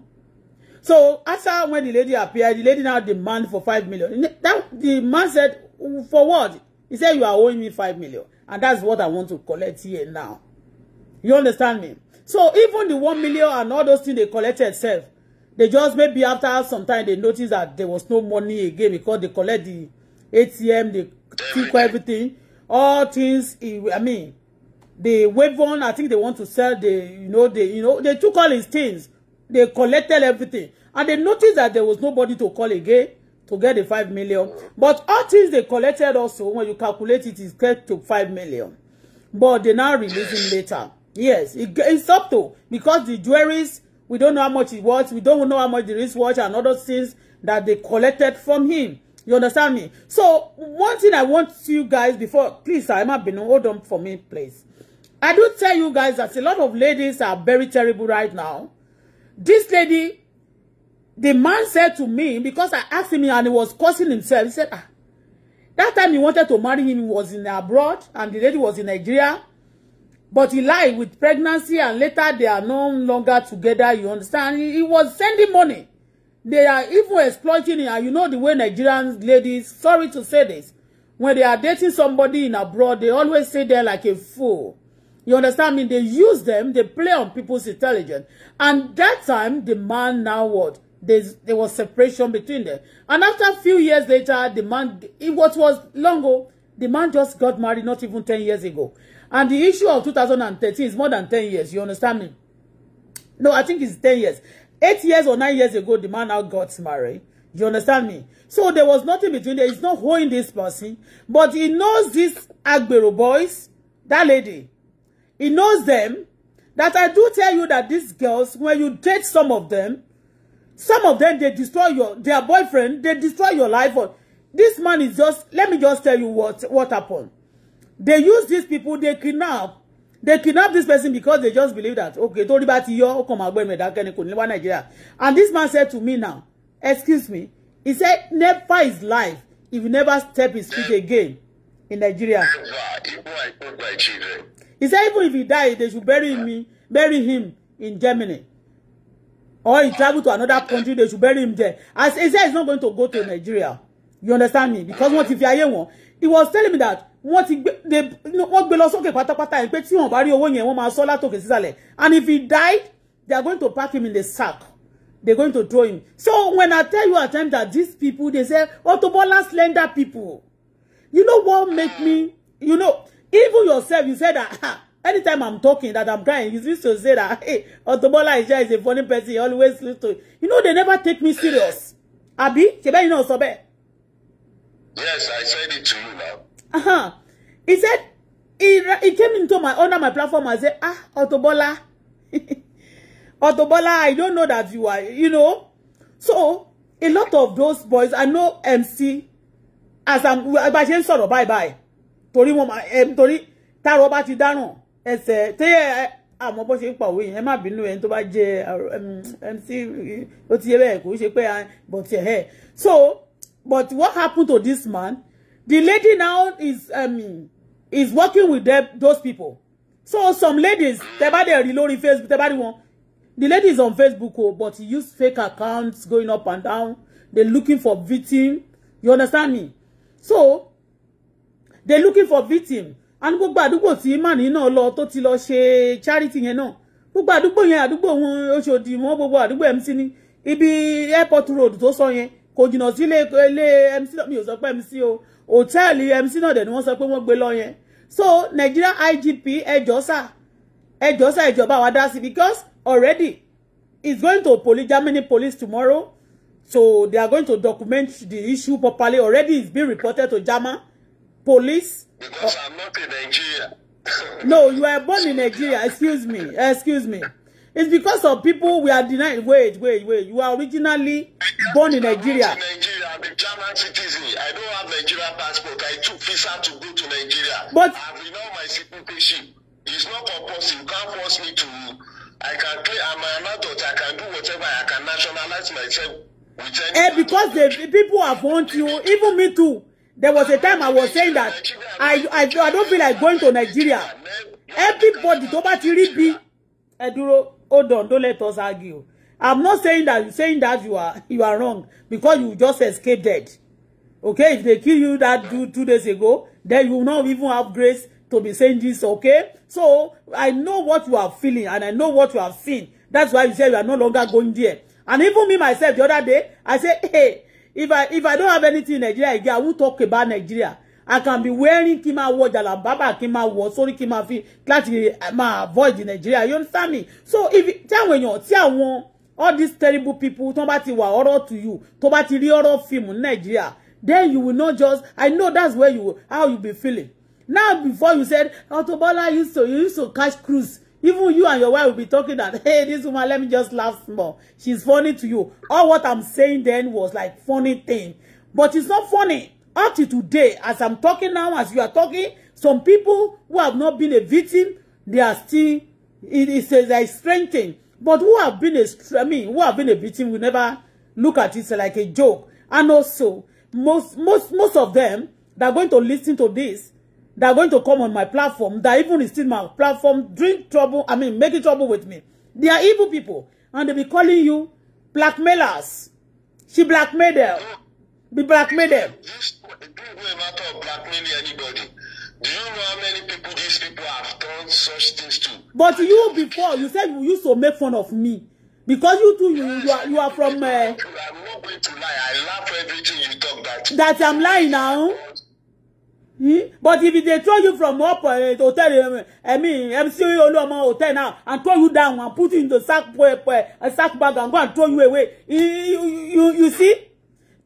So after when the lady appeared, the lady now demand for five million. That the man said, for what? He said you are owing me five million. And that's what I want to collect here now. You understand me? So even the one million and all those things they collected itself, they just maybe after some time they noticed that there was no money again because they collect the ATM, they took everything, all things. E, I mean, they wave on. I think they want to sell. They you know they you know they took all his things. They collected everything, and they noticed that there was nobody to call again to get the five million but all things they collected also when you calculate it is get to five million but they now releasing later yes it, it's up to because the jewelries we don't know how much it was we don't know how much the wristwatch and other things that they collected from him you understand me so one thing i want you guys before please i might be no hold on for me please i do tell you guys that a lot of ladies are very terrible right now this lady The man said to me, because I asked him and he was cursing himself, he said, ah, that time he wanted to marry him, he was in abroad and the lady was in Nigeria. But he lied with pregnancy and later they are no longer together, you understand? He, he was sending money. They are even exploiting him. And you know the way Nigerian ladies, sorry to say this, when they are dating somebody in abroad, they always stay there like a fool. You understand I me? Mean, they use them, they play on people's intelligence. And that time, the man now what? there's, there was separation between them. And after a few years later, the man, it, what was long ago, the man just got married not even 10 years ago. And the issue of 2013 is more than 10 years. You understand me? No, I think it's 10 years. Eight years or nine years ago, the man now got married. You understand me? So there was nothing between there. He's not holding this person. But he knows these Agbero boys, that lady. He knows them. That I do tell you that these girls, when you date some of them, Some of them, they destroy your, their boyfriend, they destroy your life. This man is just, let me just tell you what, what happened. They use these people, they kidnap. They kidnap this person because they just believe that, okay, torí about you. yọ, ó kàn máa gbé mi dákẹ́ ni kò ní Nigeria. And this man said to me now, excuse me, he said, never his life if you never step his feet again in Nigeria. He said, even if he died, they should bury me, bury him in Germany or he travel to another country they should bury him there as he said he's not going to go to Nigeria you understand me because what if you are one? he was telling me that what ti gbé wọ́n gbé lọ sókè pátápátá yẹn pé tí wọ́n bá rí owó yẹn wọ́n máa sọ and if he died they are going to pack him in the sack They're going to throw him so when I tell you at times that these people they say Auto oh, Bola slender people you know what make me you know even yourself you said that. anytime i'm talking that i'm crying he used to say that hey Auto Bola Ija is a funny person he always used to you know they never take me serious abi ṣebẹ you know sọ bẹ́ẹ̀. yes i said it to you now. Uh-huh. he said he, he came into my under my platform and said, ah Auto Bola Auto Bola i don't know that you are you know so a lot of those boys i know MC as i'm bá ṣe ń sọ̀rọ̀ bye bye torí wọn torí táàrọ̀ bá ti dáràn ẹsẹ̀ tẹ́yẹ àmọ́ bó ṣe ń pàwé yẹn ẹ má bínú ẹni tó bá jẹ mc ó ti yẹ bẹ́ẹ̀ kò ṣe pé but ẹ̀ eh, eh. so but what happened to this man the lady now is um, is working with them, those people so some ladies tẹ́ bá dẹ̀ rí lórí facebook tẹ́ bá rí wọn the lady is on facebook o oh, but he use fake accounts going up and down they looking for victim you understand me so they looking for victim àní gbogbo àdúgbò tí màní náà lọ tó ti lọ ṣe charity yẹn náà gbogbo àdúgbò yẹn àdúgbò wọn Ọ̀ṣọ́dì wọn gbogbo àdúgbò MC ni. ibi airport road tó sọ yẹn kò jìnnà sí ilé ilé MC náà mi ò sọ pé MC o hòtẹ́ẹ̀lì MC náà dẹ̀ ni wọ́n sọ pé wọ́n gbé lọ yẹn so Nigeria IGP ẹjọ́ sà ẹjọ́ sà ìjọba wa dá sí because already it's going to police Germany police tomorrow so they are going to document the issue properly already it's been reported to German police Because I'm not in Nigeria. no, you are born in Nigeria. Excuse me. Excuse me. It's because of people we are denied. Wait, wait, wait. You are originally born in Nigeria. I'm Nigeria. I'm a German citizen. I don't have Nigerian passport. I took visa to go to Nigeria. But I renounced my citizenship. It's not compulsory. You can't force me to. I can claim I'm an adult. I can do whatever. I can nationalize myself. eh, because the people have want you. Even me too. There was a time I was saying that I, I, I don't feel like going to Nigeria. Everybody, tó bá ti rí hold on, don't let us argue. I'm not saying that, saying that you are, you are wrong because you just escaped death. Okay, if they kill you that two, two days ago, then you will not even have grace to be saying this, okay? So, I know what you are feeling and I know what you have seen. That's why you say you are no longer going there. And even me myself, the other day, I said, hey, if i if i don't have anything in nigeria again i will talk about nigeria i can be wearing kí n máa wọ jàlábàbà kí n máa wọ fi láti máa avoid nigeria you understand me so if tí àwọn èèyàn tí àwọn all these terrible people tó bá ti wà ọ̀rọ̀ to you tó bá ti rí ọ̀rọ̀ fíìmù nigeria then you will not just i know that's where you how you be feeling now before you said Auto used to you used to catch cruise Even you and your wife will be talking that, hey, this woman, let me just laugh more. She's funny to you. All what I'm saying then was like funny thing. But it's not funny. Up to today, as I'm talking now, as you are talking, some people who have not been a victim, they are still, it is a strange thing. But who have been a, I mean, who have been a victim will never look at it like a joke. And also, most, most, most of them, they're going to listen to this that are going to come on my platform, that even is still my platform, drink trouble, I mean, making trouble with me. They are evil people. And they be calling you blackmailers. She blackmailed them. Be blackmailed them. Do you know how many people these people have done such things to? But you before, you said you used to make fun of me. Because you too, you, you, are, you are from... Uh, I'm not going to lie. I laugh everything you talk about. That I'm lying now. Because Hmm? But if they throw you from up uh, hotel, um, I mean, MC Oluomo hotel now, and throw you down and put you in the sack, uh, uh sack bag and go and throw you away, you, you, you, see?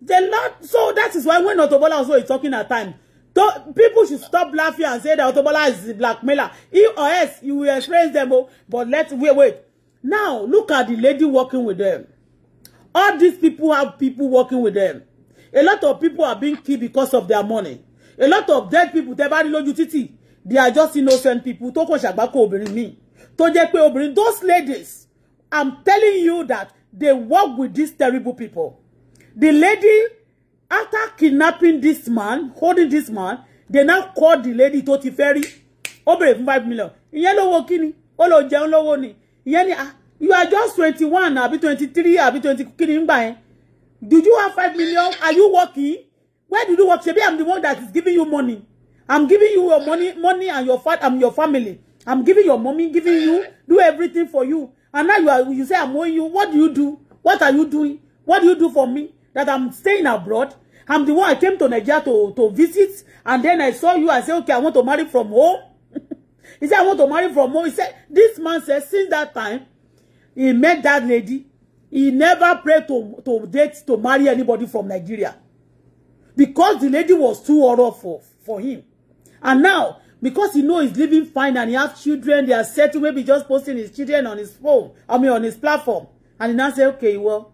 The Lord, so that is why when Otobola also is talking at time, don't, people should stop laughing and say that Otobola is the blackmailer. If or else, you will experience them, all, oh, but let's wait, wait. Now, look at the lady working with them. All these people have people working with them. A lot of people are being killed because of their money a lot of dead people tẹ́ bá rí lójú títì they are just innocent people tó kò ṣàgbákò obìnrin míì tó jẹ́ pé obìnrin those ladies i'm telling you that they work with these terrible people the lady after kidnapping this man holding this man they now call the lady tó ti fẹ́ rí ó five million ìyẹn lówó kíni ó lọ jẹun lówó ni ìyẹn ni ah, you are just twenty one àbí twenty three àbí twenty kíni ń did you have five million are you working Where do you work? Maybe I'm the one that is giving you money. I'm giving you your money, money and your fat, I'm your family. I'm giving your mommy, giving you, do everything for you. And now you are, you say I'm owing you. What do you do? What are you doing? What do you do for me? That I'm staying abroad. I'm the one I came to Nigeria to, to visit. And then I saw you. I said, okay, I want to marry from home. he said, I want to marry from home. He said, this man says since that time, he met that lady. He never prayed to, to date, to marry anybody from Nigeria because the lady was too horrible for, for him. And now, because he know he's living fine and he have children, they are said maybe just posting his children on his phone, I mean on his platform. And he now say, okay, well,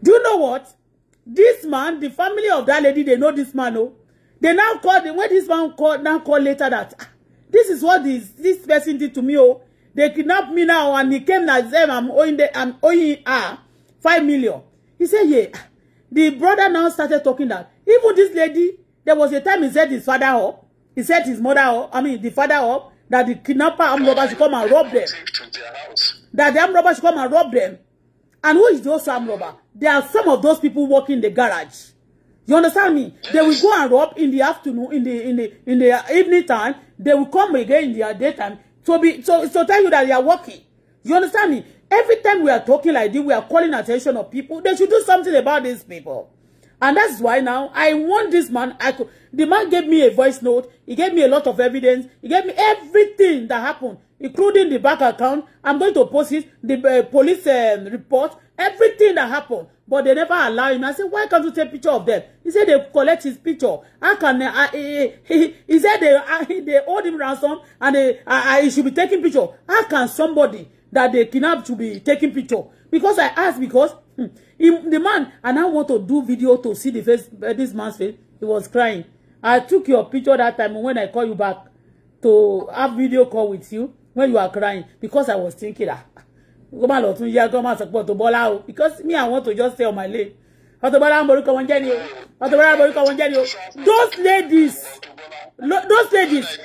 do you know what? This man, the family of that lady, they know this man, oh, They now call, the way this man call, now call later that, ah, this is what this, this person did to me, oh. They kidnapped me now and he came and said, I'm owing, the, I'm owing her ah, 5 million. He said, yeah. Ah, The brother now started talking that even this lady, there was a time he said his father up, he said his mother up, I mean the father up, that the kidnapper armed robbers should come and rob them. That the armed robbers should come and rob them. And who is those armed robber? There are some of those people working in the garage. You understand me? They will go and rob in the afternoon, in the in the in the evening time. They will come again in their daytime to be so to, to tell you that they are working. You understand me? Every time we are talking like this, we are calling attention of people. They should do something about these people. And that's why now I want this man. I could, the man gave me a voice note. He gave me a lot of evidence. He gave me everything that happened, including the bank account. I'm going to post it, the uh, police uh, report, everything that happened. But they never allow him. I said, why can't you take picture of them? He said they collect his picture. How can uh, uh, he, uh, he, he said they uh, they hold him ransom and they, uh, uh, he should be taking picture. How can somebody that they kidnapped to be taking picture because I asked because hmm, he, the man and I want to do video to see the face uh, this man's face he was crying I took your picture that time when I call you back to have video call with you when you are crying because I was thinking ah go ma lọ tún yá go support to Bola o because me I want to just stay on my lane Auto Bola ń borúkọ wọn jẹ́ ni o Auto Bola ń borúkọ those ladies those ladies.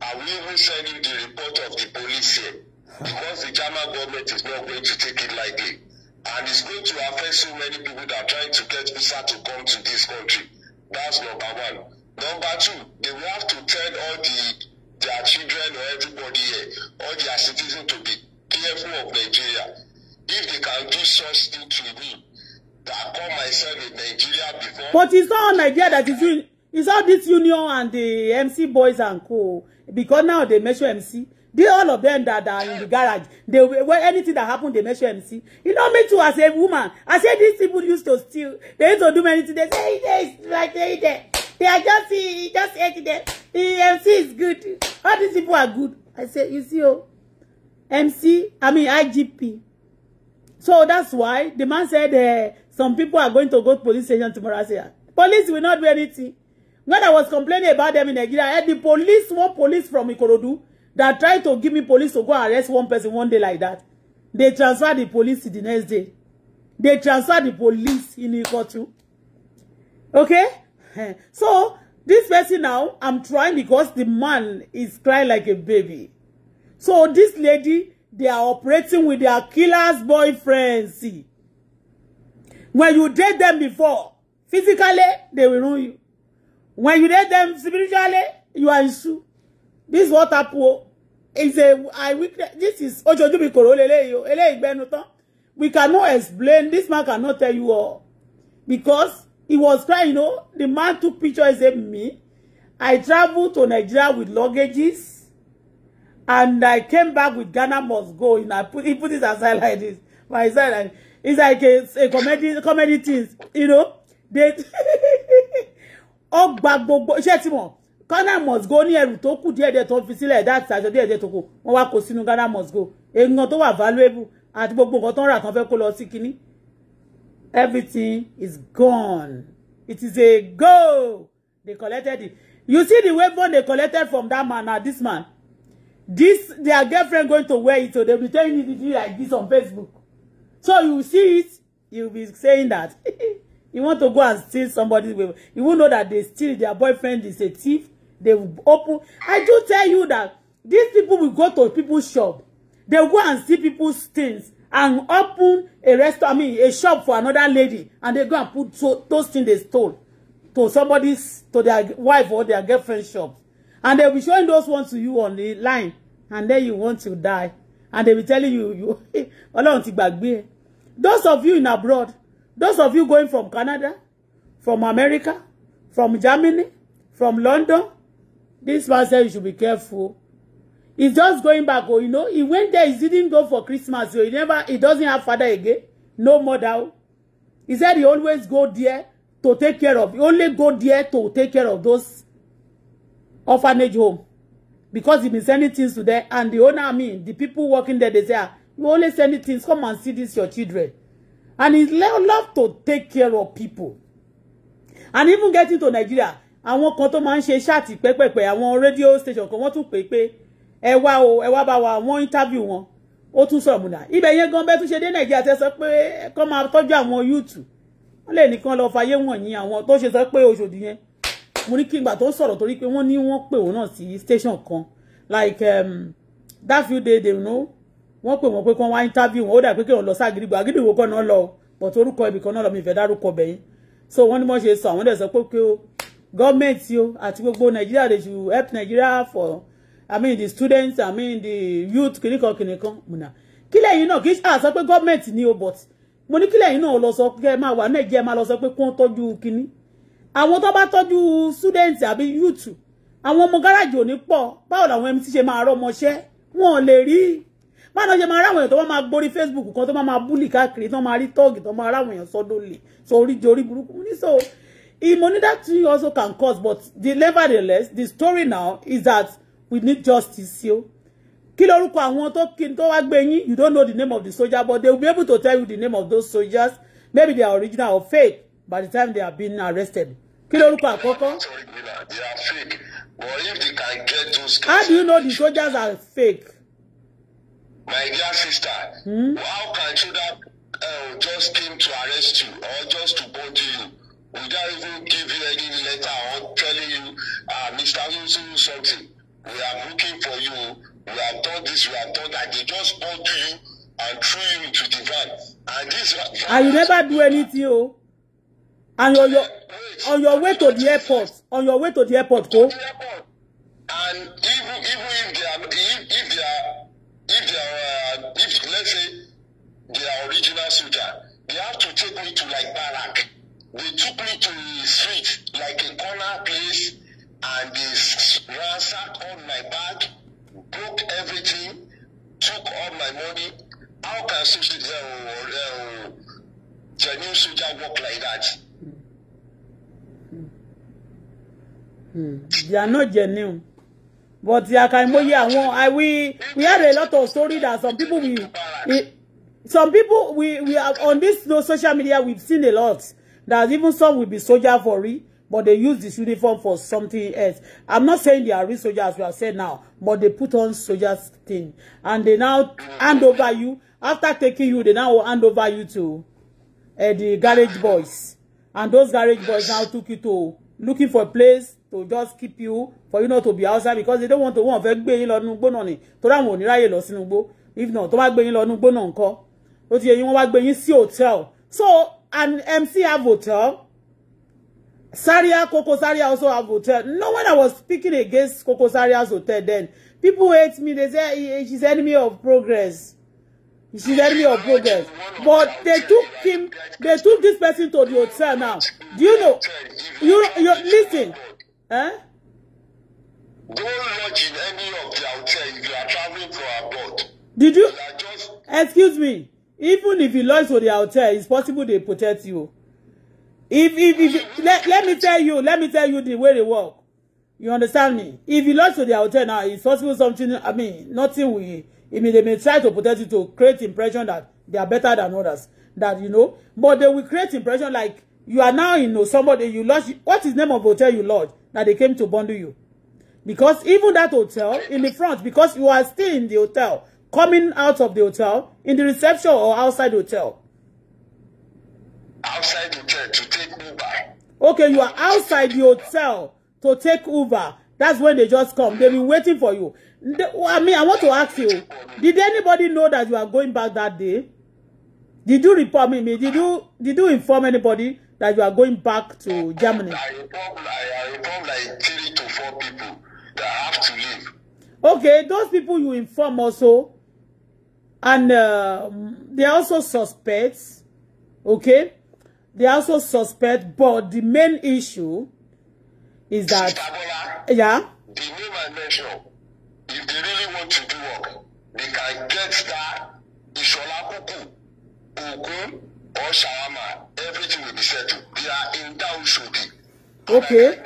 I will even send you the report of the police here because the German government is not going to take it lightly and it's going to affect so many people that are trying to get visa to come to this country. That's number one. Number two, they will have to tell all the their children or everybody here, all their citizens to be careful of Nigeria. If they can do such thing to me, that I call myself a Nigeria before. But it's not Nigeria that is doing. It's all this union and the MC boys and co because now they measure MC. They all of them that are in the garage, they well, anything that happened, they measure MC. You know me too as a woman. I said these people used to steal. They used to do many things. They say it is like they there. They are just he just ate them. The MC is good. All these people are good. I said you see oh, MC. I mean IGP. So that's why the man said uh, some people are going to go to police station tomorrow. I say ah, police will not do anything. When I was complaining about them in Nigeria, I had the police, one police from Ikorodu, that tried to give me police to go arrest one person one day like that. They transferred the police to the next day. They transferred the police in Ikotu. Okay? So, this person now, I'm trying because the man is crying like a baby. So, this lady, they are operating with their killer's boyfriend. See? When you date them before, physically, they will ruin you. When you date them spiritually, you are in su. This water pool is a I weakness. This is ojojubi koro leleyo We cannot explain. This man cannot tell you all because he was crying. You oh. know, the man took pictures of me. I traveled to Nigeria with luggages, and I came back with Ghana must go. And I put he put it aside like this. My side, like, it's like a, a comedy comedy things. You know, they. ó gba gbogbo iṣẹ́ tí wọ́n Ghana must go ní ẹrù tó kù díẹ̀díẹ̀ tó fi sílẹ̀ dáàtì àjọ díẹ̀díẹ̀ tó kù wọ́n wá kó sínú Ghana must go èèyàn tó wà valuable àti gbogbo nǹkan tó ń rà kan fẹ́ kó lọ sí kínní everything is gone it is a go they collected it you see the way weapon they collected from that man na this man this their girlfriend going to wear it so they be telling you like this on Facebook so you see it you be saying that you want to go and steal somebody's baby you will know that they steal their boyfriend is a thief they will open i do tell you that these people will go to people's shop they will go and see people's things and open a restaurant i mean a shop for another lady and they go and put so, those things they stole to somebody's to their wife or their girlfriend's shop and they'll be showing those ones to you on the line and then you want to die and they'll be telling you you Ọlọ́run ti gbàgbé those of you in abroad Those of you going from Canada, from America, from Germany, from London, this man said you should be careful. He's just going back. Oh, you know, he went there. He didn't go for Christmas. So oh, he never, he doesn't have father again. No mother. He said he always go there to take care of. He only go there to take care of those orphanage home. Because he been sending things to there. And the owner, I mean, the people working there, they say, ah, you only sending things. Come and see this, your children. And he love to take care of people. And even getting to Nigeria, àwọn kan tó máa ń ṣe ṣáàtì pẹ́pẹ́pẹ́ àwọn rédíò station kan wọ́n tún pè pé ẹ wá o ẹ wá bá wa wọ́n interview wọn ó tún sọ̀rọ̀ múnà ibẹ̀ yẹn gan bẹ́ẹ̀ tún ṣe dé Nàìjíríà tẹ́ sọ pé kọ́ máa tọ́jú àwọn yúùtù wọ́n lè nìkan lọ fàyè wọ̀nyí àwọn tó ṣe sọ pé Òṣòdì yẹn mo ní kí n gbà tó ń sọ̀rọ̀ torí pé wọ́n ní wọ́n pè wọ́n náà sí station kan like um, that few days they know wọ́n pè wọ́n pé kí wọ́n wá interview wọn ó dà pé kí wọ́n lọ sí Àgídìgbò Àgídìgbò kan náà lọ but orúkọ ibì kan náà lọ mi ìfẹ́ dárúkọ bẹ̀yìn so wọ́n ní wọ́n ṣe sọ àwọn dẹ̀ sọ pé kí o gọ́ọ̀mẹ̀ntì o àti gbogbo Nàìjíríà they to help Nigeria for I mean the students I mean the youth kìnìkan kìnìkan múnà kí lẹ́yìn náà kì í ṣáà sọ pé gọ́ọ̀mẹ̀ntì ni o but mo ní kí lẹ́yìn náà lọ sọ pé máa wà Nàìjíríà máa lọ sọ pé kí wọ́n tọ́jú kínní àwọn tó bá tọ́jú students àbí youth àwọn ọmọ gáràjì ò ní pọ̀ báwo làwọn mc ṣe máa rọ́mọṣẹ́ wọn ò lè rí báwo ṣe máa ráwọn èèyàn tó wọ́n máa gborí facebook kan tó máa máa búlì káàkiri tó máa rí tọ́ọ̀gì tó máa ráwọn èèyàn sọ́dọ̀ lè so orí orí burúkú ní so ìmọ̀ní that thing also can cause but the nevertheless the story now is that we need justice o kí lórúkọ àwọn tó kí n tó wá gbé yín you don't know the name of the soldier but they will be able to tell you the name of those soldiers maybe they are original or fake by the time they are being arrested kí lórúkọ àkọ́kọ́. how do you know the soldiers are fake. My dear sister, hmm? how can children uh, just came to arrest you or just to body you without even giving any letter or telling you, uh, ah, Mr. Wilson something? We are looking for you. We have done this. We have done that. They just body you and threw you into the van. And this. And ah, you never do anything, oh. And on your on your way to the airport, on your way to the airport, go. And even even if they are if, if they are if they are, uh, if let's say they are original soldier, they have to take me to like barrack. They took me to the street, like a corner place, and they ransacked all my bag, broke everything, took all my money. How can social uh, uh, genuine soldier work like that? Hmm. hmm. hmm. They are not genuine. But Akaimoye àwọn we we had a lot of story that some people we, we some people we we have on this you know, social media we've seen a lot that even some will be soldier for real but they use this uniform for something else. I'm not saying they are real soldiers, we are saying now, but they put on soldiers thing and they now hand over you. After taking you, they now will hand over you to uh, the garage boys. And those garage boys now took you to looking for a place to just keep you for you not to be outside because they don't want to wọ́n fẹ́ gbé yín lọ nínú igbó náà ni torí àwọn ò ní ráyè lọ sínú igbó if not tó bá gbé yín lọ nínú igbó náà ńkọ́ ó ti yẹ yín wọ́n bá gbé yín hotel so an MC have hotel Saria Coco Saria also have hotel no when I was speaking against Coco Saria's hotel then people hate me they say eh, eh, she's enemy of progress she's enemy of progress but they took him they took this person to the hotel now do you know you you listen Eh? Go lodge in any of the hotel if you are traveling from abroad. Did you? just... Excuse me. Even if you lodge to the hotel, it's possible they protect you. If if, if let, let me tell you, let me tell you the way they work. You understand me? If you lodge to the hotel now, it's possible something. I mean, nothing will. I mean, they may try to protect you to create impression that they are better than others. That you know, but they will create impression like you are now you know somebody you lodge. What is name of hotel you lodge? that they came to bundle you. Because even that hotel in the front, because you are still in the hotel, coming out of the hotel, in the reception or outside the hotel? Outside the hotel to take Uber. Okay, you are outside the hotel to take Uber. That's when they just come. They've been waiting for you. I mean, I want to ask you, did anybody know that you are going back that day? Did you report me? Did you did you inform anybody that you are going back to Germany? I informed, I inform like three to four people that have to leave. Okay, those people you inform also, and uh, they are also suspects, okay? They also suspect, but the main issue is that... Stabola, yeah? The name I if they really want to do work, they can get that Ishola Kuku, Ogun, or everything will be settled. They are in down Saudi. Okay.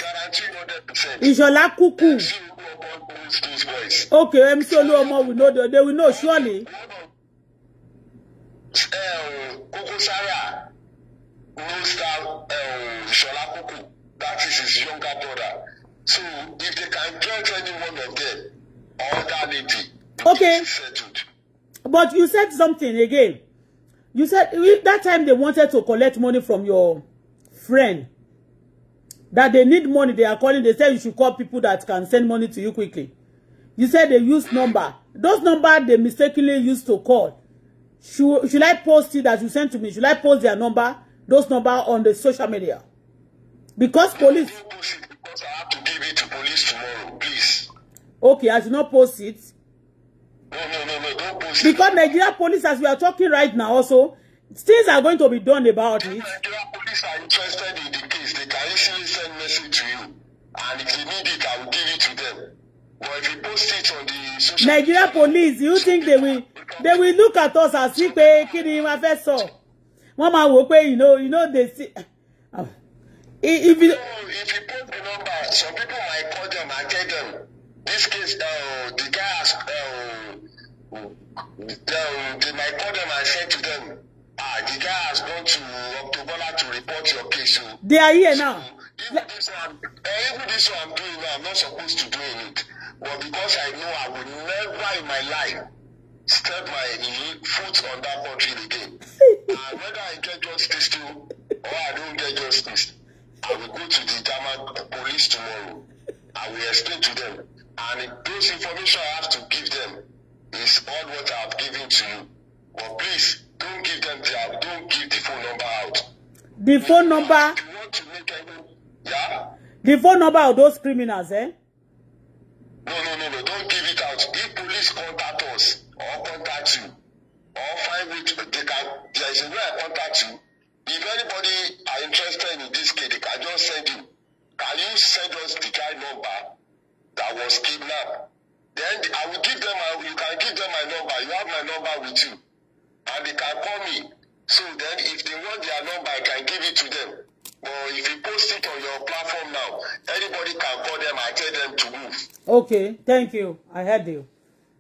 Ishola Kuku. Okay, MC Oluomo, we know the, they will know surely. Kuku Sarah knows that Ishola Kuku. That is his younger brother. So if they can get any of them or that lady, okay. But you said something again. You said that time they wanted to collect money from your friend. That they need money, they are calling. They said you should call people that can send money to you quickly. You said they use number. Those number they mistakenly used to call. Should, should I post it that you sent to me? Should I post their number, those number on the social media? Because police. Because I have to give it to police tomorrow, please. Okay, I should not post it. Because Nigeria police, as we are talking right now, also, things are going to be done about if it. Nigeria police are interested in the case, they can easily send message to you. And if they need it, I will give it to them. But if you post it on the social Nigeria police, you think they will they will look at us as if pé eh, kí ni wọ́n fẹ́ sọ. Wọ́n máa you know, you know they see ah, ah, if, you, if you post the number, some people might call them and tell them this case uh, the guy has uh, Then I called them and said to them, ah, the guy has gone to Octobola to report your case. they are here so, now. Even this, one, eh, even this one I'm doing now, I'm not supposed to do it. But because I know I will never in my life step my foot on that country again. and whether I get justice too or I don't get justice, I will go to the German police tomorrow. I will explain to them. And those information I have to give them, is all what I have given to you. But please, don't give them the, don't give the phone number out. The phone number? you want to make any, yeah? The phone number of those criminals, eh? No, no, no, no, don't give it out. If police contact us, or contact you, or find which they can, there is a way I contact you. If anybody are interested in this case, they can just send you. Can you send us the guy number that was kidnapped? Then I will give them, my, you can give them my number. You have my number with you. And they can call me. So then if they want their number, I can give it to them. But if you post it on your platform now, anybody can call them and tell them to move. Okay, thank you. I heard you.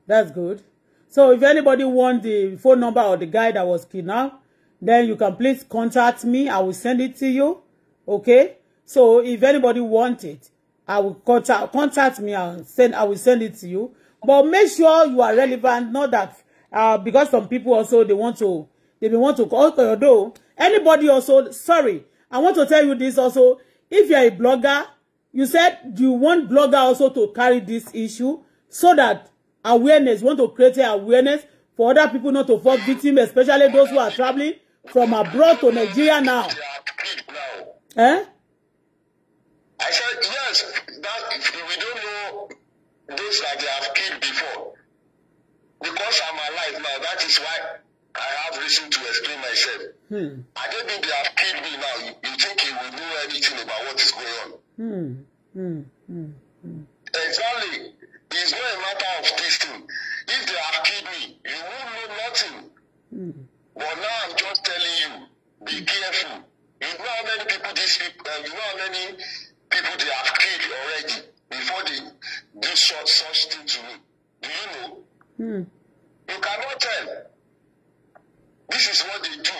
That's good. So if anybody wants the phone number of the guy that was kidnapped, then you can please contact me. I will send it to you. Okay? So if anybody wants it, I will contact, contact me and send, I will send it to you. But make sure you are relevant, not that, uh, because some people also, they want to, they want to, although, anybody also, sorry, I want to tell you this also, if you are a blogger, you said you want blogger also to carry this issue so that awareness, you want to create awareness for other people not to fall victim, especially those who are traveling from abroad to Nigeria now. Eh? I said, yes, that we don't know those that they have killed before. Because I'm alive now, that is why I have reason to explain myself. Hmm. I don't think they have killed me now. You, you think you will know anything about what is going on? Hmm. Hmm. Hmm. Hmm. Exactly. It's not a matter of this thing. If they have killed me, you will know nothing. Hmm. But now I'm just telling you, be careful. You know how many people these people, uh, you know how many people they have killed already before they do such, such thing to me. Do you know? Mm. You cannot tell. This is what they do.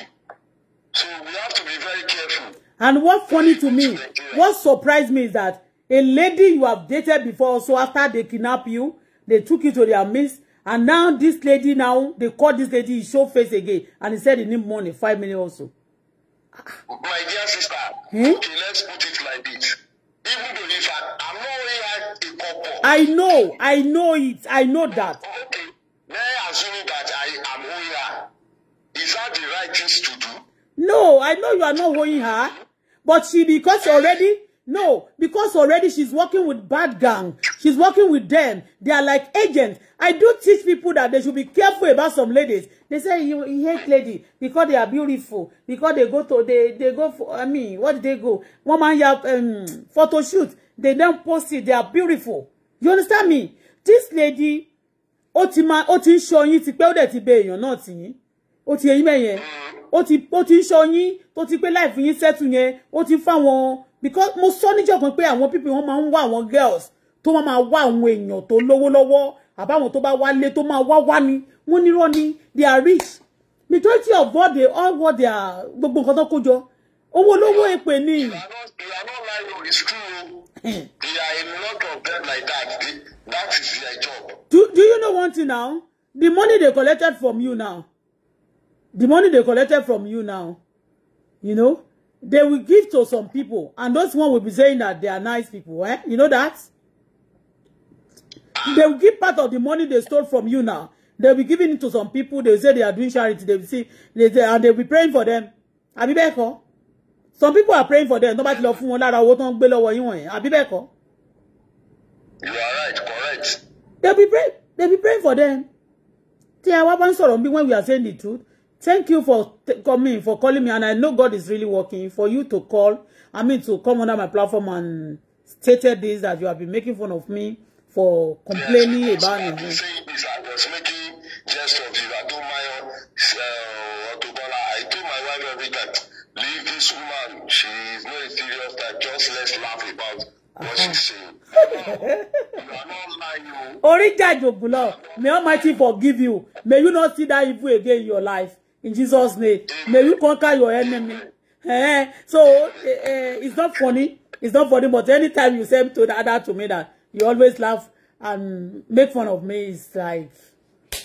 So we have to be very careful. And what funny to me, what surprised me is that a lady you have dated before, so after they kidnap you, they took you to their midst, and now this lady now, they caught this lady, he show face again, and he said he need money, five million also. My dear sister, hmm? okay, let's put it like this i know i know it i know that. okay may assuming that i am hoya is that the right thing to do. no i know you are not holding her but she because already. No, because already she's working with bad gang. She's working with them. They are like agents. I do teach people that they should be careful about some ladies. They say you, you hate lady because they are beautiful, because they go to they they go for I mean, what did they go? One man you have um photo shoot, they don't post it, they are beautiful. You understand me? This lady ó ti ma ó ti ń sọ yín ti pé ó dẹ̀ ti bẹ èèyàn náà tì yín ó ti eyín mẹ́yẹn ó to ó ti ń sọ yín tó ti pé life yín settle yẹn ó ti fáwọn because mo sọ people wọ́n máa ń wá girls to wọ́n máa way àwọn èèyàn tó lówó lọ́wọ́ àbáwọn tó bá wálé tó máa wá wá ni wọ́n nírọ́ ni they are rich majority of what they all what they are gbogbo nǹkan tó kó jọ owó olówó èpè ni. Oh. Do, do you know one thing now? The money they collected from you now. The money they collected from you now. You know, they will give to some people. And those one will be saying that they are nice people. Eh? You know that? They will give part of the money they stole from you now. they will be giving it to some people. They'll say they are doing charity. They'll see, they say, and they'll be praying for them. Àbí bẹ́ẹ̀ kọ́? Some people are praying for them. Nobody love fún wọn lára owó tó ń gbé lọ́wọ́ yín wọ̀nyẹn. Àbí bẹ́ẹ̀ You are right, correct. They'll be praying. They'll be praying for them. See, I want to be when we are saying the truth. Thank you for coming, for calling me, and I know God is really working for you to call. I mean, to come under my platform and stated this that you have been making fun of me for complaining yeah, about him. The uh, thing is, I my uh, Auto may Almighty forgive you. May you not see that evil again in your life. In Jesus' name. May you conquer your enemy. Eh, so uh, uh, it's not funny. It's not funny, but anytime you say to the other to me that you always laugh and make fun of me. It's like,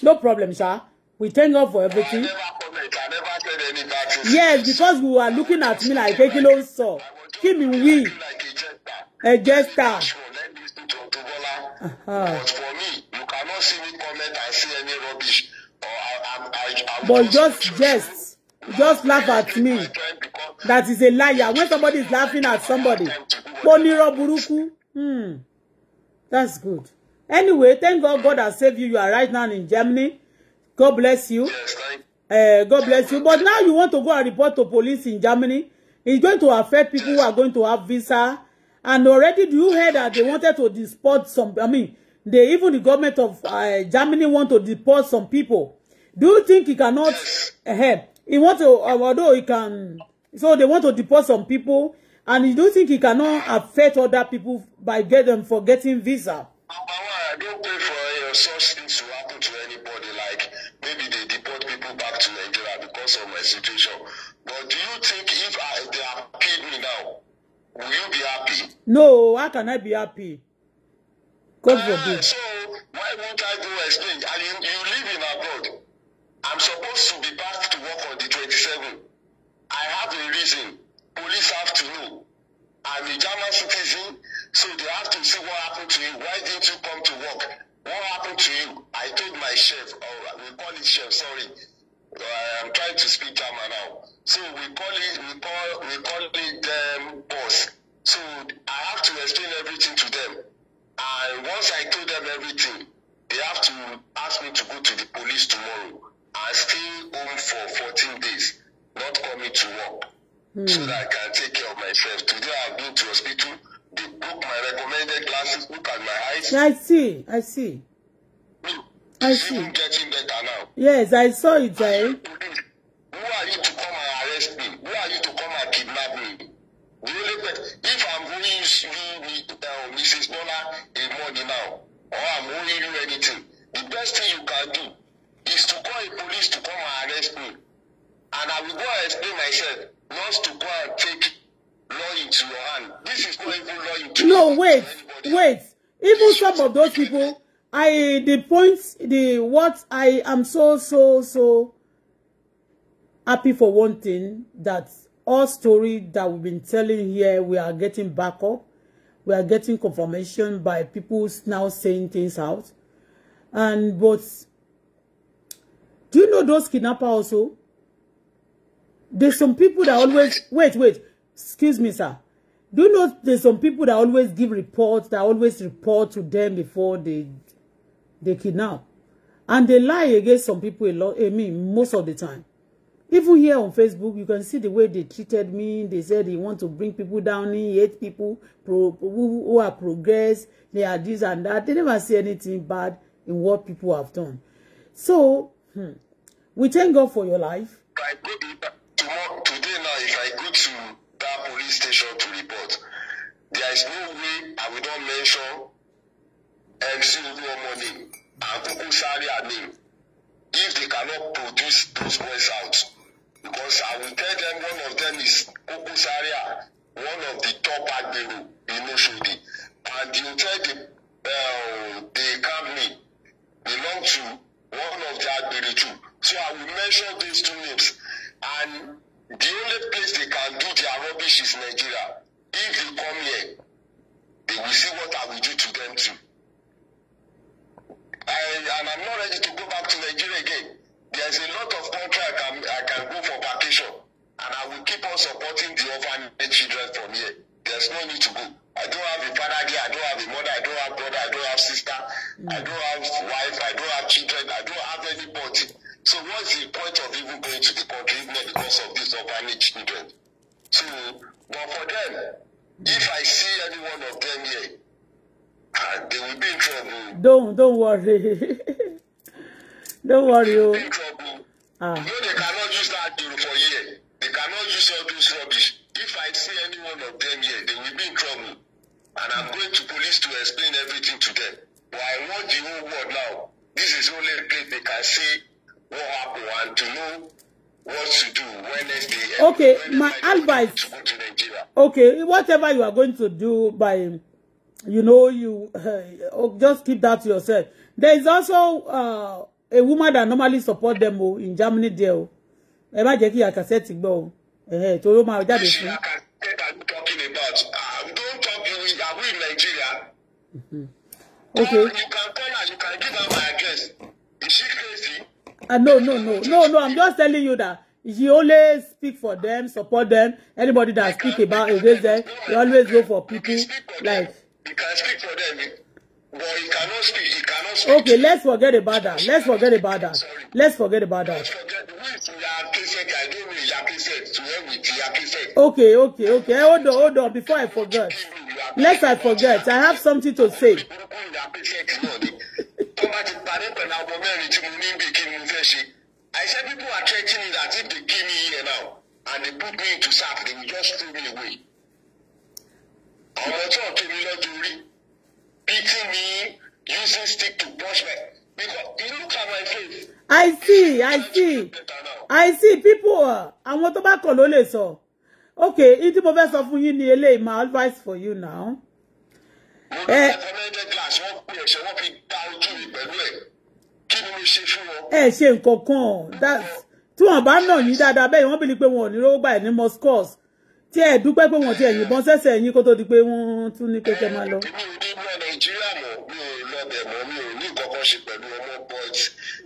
no problem, sha. We thank God for everything. I never comment. I never said any Yes, because you are looking at me like taking on saw. Kí ni wí. A jester. Uh-huh. But for me, you cannot see me comment and say any rubbish. Or I, I, I, I but just jest. Just laugh at me. That is a liar. When somebody is laughing at somebody, ó nírọ́ Hmm. That's good. Anyway, thank God God has saved you. You are right now in Germany. God bless you. Uh, God bless you. But now you want to go and report to police in Germany. It's going to affect people who are going to have visa. And already do you hear that they wanted to deport some, I mean, they even the government of uh, Germany want to deport some people. Do you think he cannot eh, help? he want to, although he can, so they want to deport some people. And you don't think he cannot affect other people by get them for getting visa? Number one, I don't pay for uh, such things to happen to anybody. Like maybe they deport people back to Nigeria because of my situation. But do you think if I, they have paid me now, will you be happy? No, how can I be happy? God uh, forbid. So why won't I go exchange? And you, you live in abroad. I'm supposed to be back to work on the 27th. I have a reason police have to know. I'm a German citizen, so they have to see what happened to you. Why didn't you come to work? What happened to you? I told my chef, or we call it chef, sorry. Uh, I'm trying to speak German now. So we call it, we call, we call it um, boss. So I have to explain everything to them. And once I told them everything, they have to ask me to go to the police tomorrow and stay home for 14 days, not coming to work mm. so that I can take care of myself. Today I've been to hospital. They broke my recommended glasses. Look at my eyes. I see. I see. Look, hmm. I see. Even getting better now. Yes, I saw it. I... Who are you to come and arrest me? Who are you to come and kidnap me? The only person, if I'm going to use you, uh, Mrs. Bola, a money now, or I'm owing you anything, the best thing you can do is to call the police to come and arrest me. And I will go and explain myself laws to go and take law into your hand. This is not even law into No, wait, anybody. wait. Even some of those people, I the points the what I am so so so happy for one thing that all story that we've been telling here we are getting backup. We are getting confirmation by people now saying things out. And but do you know those kidnappers also? There's some people that always, wait, wait, excuse me, sir. Do you know there's some people that always give reports, that always report to them before they they kidnap? And they lie against some people a lot, I mean, most of the time. Even here on Facebook, you can see the way they treated me. They said they want to bring people down, he hate people pro, who, who are progress, they are this and that. They never say anything bad in what people have done. So, hmm, we thank God for your life tomorrow, today now, if I go to that police station to report, there is no way I will not mention MC Oluomo name and Kuku Zaria name if they cannot produce those boys out. Because I will tell them one of them is Kuku Zaria, one of the top agbero in Oshodi. And you tell the, uh, the um, company belong to one of the agbero too. So I will mention these two names. And the only place they can do their rubbish is Nigeria. If they come here, they will see what I will do to them too. I, and I'm not ready to go back to Nigeria again. There's a lot of country I can, I can go for vacation. And I will keep on supporting the orphanage children from here. There's no need to go. I don't have a father here. I don't have a mother. I don't have brother. I don't have sister. I mm. don't have wife. I don't have children. I don't have anybody. So what's the point of even going to the country because of these orphanage children? So, but for them, if I see any one of them here, ah, they will be in trouble. Don't don't worry. don't worry. They will be oh. in trouble. Ah. no, they cannot use that deal for here. They cannot use all those rubbish. If I see any one of them here, they will be in trouble. And I'm going to police to explain everything to them. But I want the whole world now. This is only place they can see. Okay, my advice. Okay, whatever you are going to do by, you know, you uh, oh, just keep that to yourself. There is also uh, a woman that normally support them oh, in Germany there. Oh. Ẹ má jẹ́ kí àkàsẹ́ẹ̀tì gbọ́ o. Oh. Ẹ̀hẹ̀ tó ló máa jáde fún. Mm-hmm. Okay. Or you can call her, you can give her my address. Is she crazy? Uh, no, no, no, no, no. I'm just telling you that he always speak for them, support them. Anybody that speak about against them, he always go for people like. You can speak for them, but you cannot speak. You cannot Okay, let's forget about that. Let's forget about that. Let's forget about that. Okay, okay, okay. Hold on, hold on. Before I forget, lest I forget, I have something to say tó bá ti parẹ́ pẹ̀lú aago mẹ́rin tí mo ní bí kí mo fẹ́ ṣe I say people are threatening that if they give me here now and they put me into sack they will just throw me away àwọn tí wọ́n tó mi lọ́jọ́ orí beating me using stick to brush me because you look at my face. I see I see I see people àwọn tó bá kọ̀ ló lè sọ okay ní tí mo fẹ́ sọ fún yín ni eléyìí my advice for you now. mo ní eh, recommended glass wọ́n pè ẹ̀ṣẹ̀ wọ́n pè ẹ ṣe nǹkan kan tí wọ́n bá nà yín dáadáa bẹ́ẹ̀ wọ́n bìlí pé wọn ò ní rówó gbà ní moscos tí ẹ dúpẹ́ pé wọ́n ti ẹ̀yìn bọ́n sẹ́sẹ̀ yín kó tó di pé wọ́n tún ní pé máa lọ. but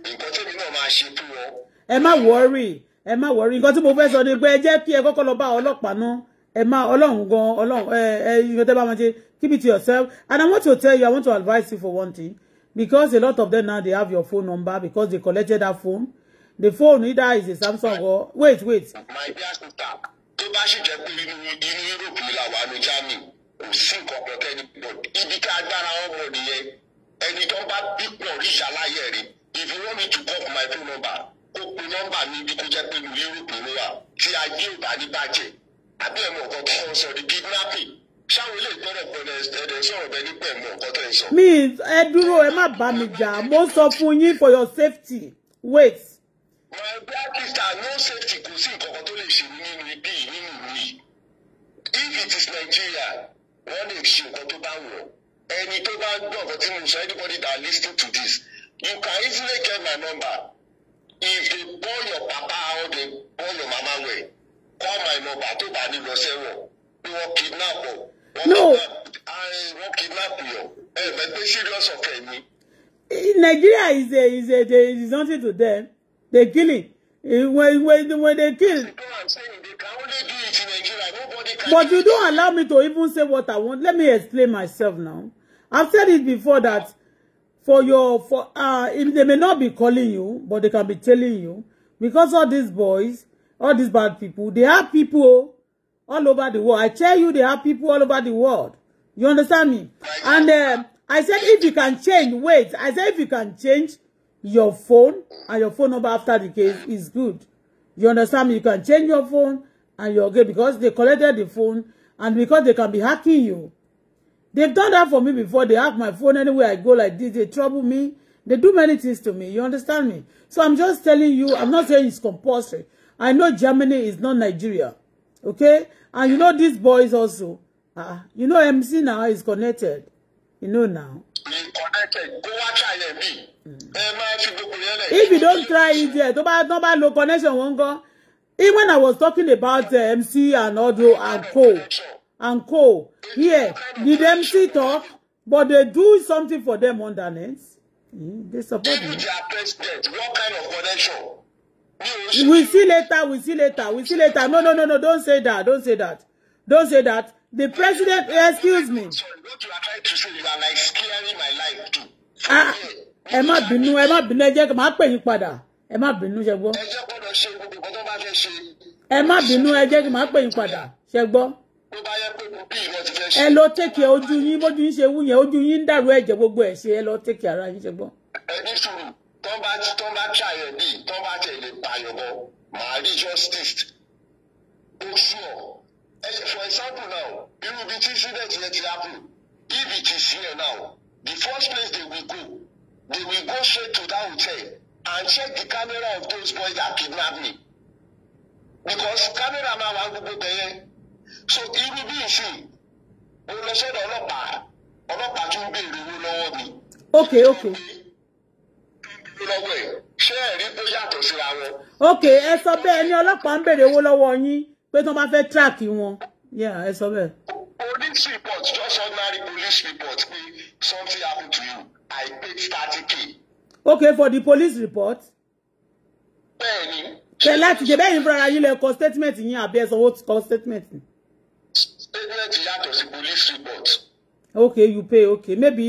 nǹkan tèmi náà máa ṣe fún wọn. ẹ má wọrí ẹ má wọrí nǹkan tí mo fẹ́ sọ ni pé ẹ jẹ́ kí ẹ kọ́kọ́ lọ bá ọlọ́pàá náà ẹ má ọlọ́run gan ọlọ́run ẹ ẹ ìyọ̀tẹ́ bá wọn ṣe keep it to yourself and i want to tell you i want to advise you for one thing because a lot of them now they have your phone number because they collected that phone the phone either is a Samsung or wait wait. my dear sister tó bá sì jẹ́ a gbára if you want me to call my phone number kó pe nọ́mbà mi bí kó jẹ́ pé inú Europe ló wà tí ayé ò bá ní bàjẹ́ àbí ẹ̀mọ̀ kan kí wọ́n kidnapping ṣáwọn ilé ìgbọ́dọ̀ gbọ́dọ̀ ẹ̀dẹ̀ sọ̀rọ̀ bẹ mi ẹ dúró ẹ má bá mi jà mo sọ fún yín for your safety wait. my black sister no safety kò sí nǹkan kan tó lè ṣe nínú ibi nínú ìlú if it is Nigeria wọ́n lè ṣe nǹkan tó bá wọ̀ ẹni tó bá gbọ́ ọ̀kan tí mo sọ anybody that listen to this you can easily get my number if they born your papa or they born your mama well call my number tó bá ní lọ sẹ́wọ̀n bí wọ́n kidnap ọ̀ no. Nigeria is a is a they is something to them they killing eh, when when when they kill. But you don't allow me to even say what I want. Let me explain myself now. I've said it before that for your for uh they may not be calling you, but they can be telling you because all these boys, all these bad people, they are people oh, all over the world. I tell you, there are people all over the world. You understand me? And uh, I said, if you can change, wait. I said, if you can change your phone and your phone number after the case is good. You understand me? You can change your phone and your gate because they collected the phone and because they can be hacking you. They've done that for me before. They hack my phone anywhere I go like this. They trouble me. They do many things to me. You understand me? So I'm just telling you, I'm not saying it's compulsory. I know Germany is not Nigeria. Okay? And you know these boys also. Uh, you know MC now is connected. You know now. Hmm. Eh, If you don't try it yet, nobody nobody tó connection won't go. Even when I was talking about uh, MC and Odo and Co. And Co. Here, did MC talk? But they do something for them on the net. Mm, they support me. They do their president. What kind of connection? We see later, we see later, we see later. No, no, no, no, don't say that, don't say that. Don't say that. The president, eh, excuse me. Ah, ẹ má bínú, ẹ má bínú, ẹ jẹ́ máa pè yín padà. Ẹ má bínú, ṣẹ gbọ́. Ẹ jẹ́ gbọ́dọ̀ ṣe gbogbo nǹkan tó bá fẹ́ ṣe. Ẹ má bínú, ẹ jẹ́ máa pè yín padà, ṣẹ gbọ́. Ẹ lọ tẹ́kẹ̀ ojú yín, bójú yín ṣe wú yẹn, ojú yín ń dàrú ẹ̀jẹ̀ gbogbo ẹ̀ ṣe, ẹ lọ tẹ́kẹ̀ ara yín ṣẹ gbọ́. Ẹ ní sùúrù, tó bá tí tó bá tí bá tẹ̀lé bayọ̀bọ màá rí justice ó sùn ọ́ for example now irú bíi tí incident yẹn ti happen if it is here now the first place they will go they will go straight to that hotel and check the camera of those boys that kidnap me because camera máa wà gbogbo bẹ̀yẹ so irú bíi ìsìn mo lọ sọ́dọ̀ ọlọ́pàá ọlọ́pàá tún béèrè owó lọ́wọ́ mi. okay okay gbé lọ́wọ́ ẹ̀ ṣé ẹ̀rí tó yàtọ̀ síra wọn. ok ẹ sọ bẹ́ẹ̀ ni ọlọ́pàá ń béèrè owó lọ́wọ́ yín pé tí wọ́n bá fẹ́ track wọn ẹ sọ bẹ́ẹ̀. police report just ordinary police report pé something happen to you I paid thirty k. ok for the police report. bẹ́ẹ̀ni. ṣe láti ṣe bẹ́ẹ̀ yín fúnra yín lẹ kọ statement yín àbí ẹ sanwó kọ statement. statement yàtọ̀ sí police report. ok you pay ok maybe.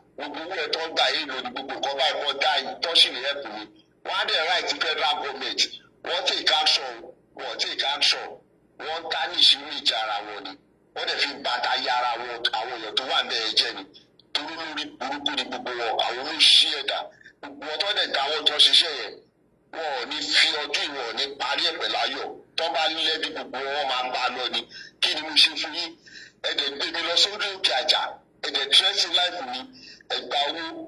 gbogbo owó ẹ̀ tó gbà yìí lò ní gbogbo nǹkan báyìí wọ́n dá yìí tó sì ní ẹ̀kú ni wọ́n á dẹ̀ ráì ti federal government wọ́n tí ìka sọ wọ́n tí ìka sọ wọ́n ń ta ní ìṣirò ìjà ara wọn ni wọ́n dẹ̀ fi bàtà ya ara wọn àwọn èèyàn tó wà ń bẹ́ẹ̀ jẹ́ ni torí lórí burúkú ni gbogbo wọn àwọn olóṣì ẹ̀dá gbogbo ọtọ́ dẹ̀ dáwọ́ tó ṣiṣẹ́ yẹn wọn ò ní fi ọdún ìwọ̀n ní parí ẹ̀pẹ̀ láyọ̀ tó bá lẹ́bi gbogbo wọn máa bá lọ ni kí ni mo ṣe fún yín ẹ̀dẹ̀ gbé mi lọ sórí òkè àjà ẹ̀dẹ̀ tírẹ́sì láìpù mi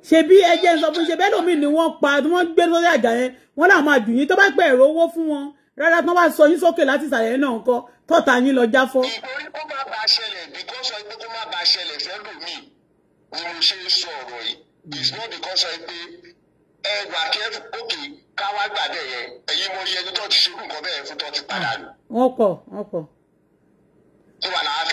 ṣebí ẹjẹ ń sọ fún ṣebí ẹlòmíì ni wọ́n pa tí wọ́n gbé lórí àjà yẹn wọ́n làwọn máa dùn yín tó bá pẹ èrò owó fún wọn rárá tí wọ́n bá sọ yín sókè láti ìsàlẹ̀ náà kọ tọta yín lọ jáfọ. ìborí má bàa ṣẹlẹ̀ bí kò sọ pé kó má bàa ṣẹlẹ̀ sẹ́lòmíì ni mo ṣe sọ ọ̀rọ̀ yìí it's not because ẹ pé ẹ wà kẹ́fù òkè káwá gbàdẹ̀ yẹn ẹ̀yin mo rí ẹni tó ti ṣerú nǹkan bẹ́ẹ̀ fún tó ti padà nù. Ah, wọ́n pọ̀ wọ́n pọ̀.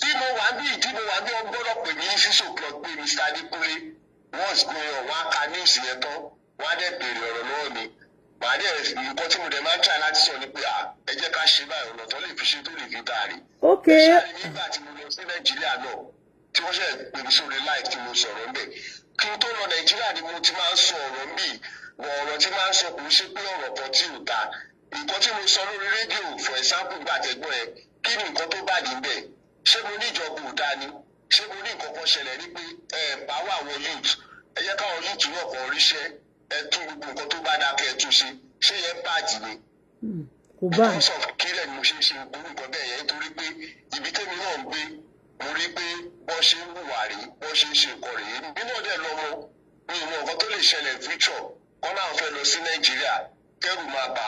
tí mo wà bí ìdí mo wà bí wọ́n pè ní six o'clock pé Mr. Adékúnlé wọ́n sì pé ọ̀wá ka news yẹn tán wọ́n á dẹ̀ béèrè ọ̀rọ̀ lọ́wọ́ mi màá dẹ̀ nǹkan tí mo dẹ̀ máa ń tà láti sọ ni pé ẹ jẹ́ ká ṣe báyìí ọ̀nà tó lè fi ṣe tó lè fi tààrí. ok ṣáà nígbà tí mo lọ sí Nàìjíríà náà tí wọ́n ṣe pè mí sórí live tí mo sọ̀rọ̀ ńbẹ̀ kí n tó lọ Nàìjíríà ni mo ti máa ń sọ ọ̀rọ̀ ńbì wọ̀ ọ̀rọ̀ tí máa ń sọ kò ṣe pé ọ̀rọ̀ kan tí ò ta nǹkan tí mo sọ lórí rédíò for example gbàtẹ́gbọ́n ẹ kí ni nǹkan tó bàjẹ́ bẹ́ẹ̀ ṣé mo ní ìjọba òdá ni ṣé mo ní nǹkan kan ṣẹlẹ̀ ní pé ẹ báwọ̀ àwọn youth ẹ jẹ́ káwọn youth náà kàn ríṣẹ́ ẹ tún gbogbo nǹkan tó bá dákẹ́ ẹ tún ṣe ṣé yẹn bàjẹ́ ni. Hmm, kò bá a sọ kílẹ̀ ni mo ṣe ṣe gbogbo nǹkan bẹ́ẹ̀ yẹn nítorí pé ibi tẹ́mi náà ń gbé mo rí pé wọ́n ṣe ń hùwà rí wọ́n ṣe ń ṣe nǹkan rèé nínú ọ̀dẹ̀ lọ́mọ mi ìmọ̀ nǹkan tó lè ṣẹlẹ̀ future kọ́ náà fẹ́ lọ sí Nàìjíríà kẹ́rù máa bà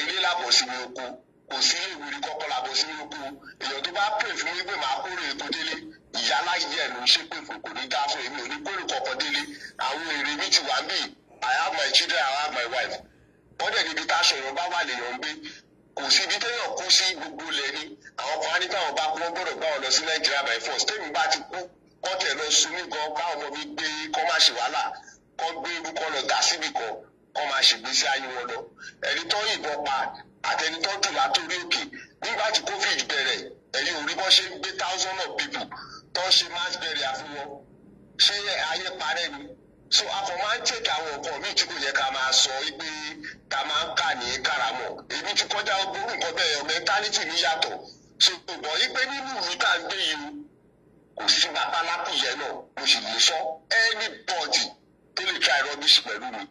ilé làbọ̀ mi oko kò sí ìwúrí kọ́kọ́ làbọ̀ mi oko èèyàn tó bá pè fún mi pé kórè èkó délé ìyá láyé ẹ̀ ló ń fún kò ní dá èmi ò ní kórè kọ́kọ́ délé àwọn èrè mi ti wà bí I have my children I have my wife wọ́n dẹ̀ níbi tá a sọ̀rọ̀ bá wà lèèyàn ń gbé kò sí ibi téèyàn kú sí gbogbo ilẹ̀ ni àwọn kan á ní táwọn bá kú wọ́n gbọ́dọ̀ gbá wọn sí Nàìjíríà by force tèmi bá ti kú kọ́tẹ̀ lọ sunmí gan káwọn mi gbé kọ́ má ṣe wàhálà kọ́ gbé orúkọ rẹ̀ ga síbì kan kọ́ máa ṣègbésí ayé wọn lọ ẹni tó yìnbọn pa àtẹni tó jù látòrí òkè nígbà tí covid bẹ̀rẹ̀ ẹ̀yin ò rí bọ́ ṣe ń gbé thousand of people tó ṣe mass burial àfún wọn ṣé ayé parẹ́ ni so a kò máa ń tètè àwọn nǹkan míì tí kò yẹ ká máa sọ pé ká máa ń kà ní karamọ èmi ti kọjá gbóòrùn nǹkan bẹ́ẹ̀ mẹ́ntálítì mi yàtọ̀ so gbọ̀n yí pé nínú ìlú tá à ń gbé yìí kò sí bàbá lápò náà mo sì lè sọ anybody tó lè try rubbish pẹ̀lú mi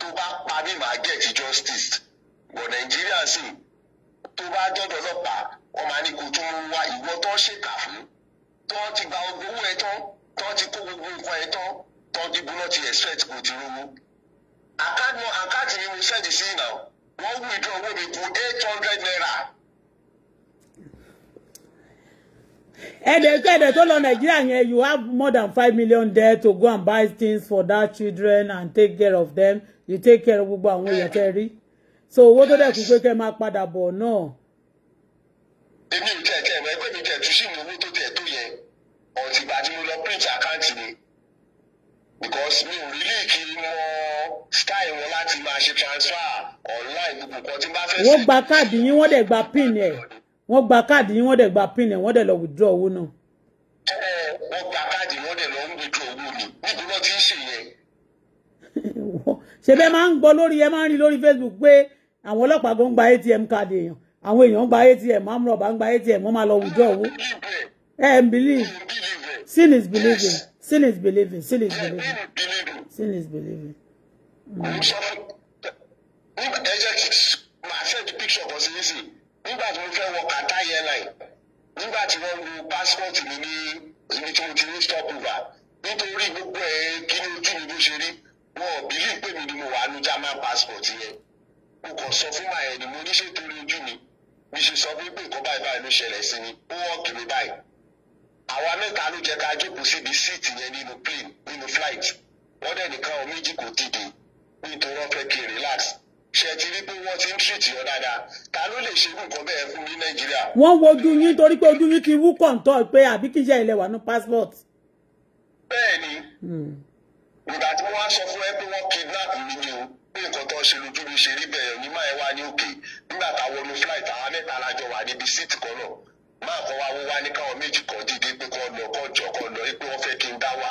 tó bá pa mí màá get justice wọ nàìjíríà sì tó bá dọ́dọ̀ ọlọ́pàá wọn máa ní kó tó ń wá ìwọ tó ń ṣèkà fún tó ti gba ogun owó ẹ tán tó ti kó gbogbo nǹkan ẹ tán tó ti bú náà ti expect kò ti rówó àkáàtì mi mo send sí ìnà wọ́n withdraw owó mi kù eight hundred naira. ẹ̀dẹ̀ tó ẹ̀dẹ̀ tó lọ nàìjíríà yẹn you have more than five million there to go and buy things for that children and take care of them you take care of gbogbo àwọn èèyàn tẹ́ so owó tó dẹ̀ kú pé kẹ́ máa padà bọ̀ náà. èmi ò tẹ̀ tẹ̀ mọ́ ẹgbẹ́ mi tẹ̀ tú sí mi owó tó tẹ̀ tó yẹ ọ̀tí ìgbà tí mo lọ print account mi because mi ò rí kí mo style wọn láti máa ṣe transfer online gbogbo kan tí n bá fẹ́ sí. gba káàdì yín wọ́n dẹ̀ gba pin ẹ̀ wọ́n gba káàdì yín wọ́n dẹ̀ gba pin ẹ̀ wọ́n dẹ̀ lọ withdraw owó náà. ẹ ẹ wọ́n gba káàdì wọ́n dẹ̀ lọ withdraw owó mi níbi wọ́n ti ń ṣe yẹn. ṣe bẹ́ẹ̀ máa ń gbọ́ lórí ẹ máa ń rí lórí Facebook pé àwọn ọlọ́pàá gan gba ATM card èèyàn àwọn èèyàn gba ATM amúrọ̀bà ń gba ATM wọ́n máa lọ withdraw owó. ẹ ẹ believe eh, sin is believing sin is believing sin is believing sin is believing. ẹ jẹ́ kí máa send picture kan sí yín sí i nígbà tí mo fẹ́ wọ Qatar airline nígbà tí wọ́n lu passport mi ní ibi tí mo ti ní stopover nítorí gbogbo ẹ̀ kí ni ojú mi bó ṣe rí wọn ò bílí pé mi ni mo wà ní German passport yẹn mo kàn sọ fún màá ẹni mo níṣẹ́ torí ojú mi mi ṣe sọ fún pé nǹkan báyìí báyìí ló ṣẹlẹ̀ sí mi ó wọ́n kì mí báyìí àwa mẹ́ta ló jẹ́ ká jókòó síbi síìtì yẹn nínú plane nínú flight wọ́n dẹ̀ nìkan ò méjì kò dìde nítorí wọ́n fẹ́ kí n relax ṣe ti rí pé wọ́n ti ń tìrìtì ọ dáadáa ta ló lè ṣe nǹkan bẹ́ẹ̀ fún ní nàìjíríà. wọ́n wo ojú yín torí pé ojú yín ti wú kọ̀ǹtọ̀ pé àbí kí iṣẹ́ ilẹ̀ wà ní passport. bẹ́ẹ̀ni hmm. ìgbà tí wọ́n á sọ fún ẹ pé wọ́n kidnap mi ni o pé nǹkan tó ń ṣe lójú mi ṣe rí bẹ́ẹ̀ ní máa ẹ wá ní òkè nígbà táwọn ọmọ flight àwọn mẹ́ta lájọ wà níbi síìtì kan náà máa kọ́ wa wá ní káwọn méjì kan dìde pé kọ́ lọ kọ́ jọ kọ́ lọ pé wọ́n fẹ́ kí n dá wà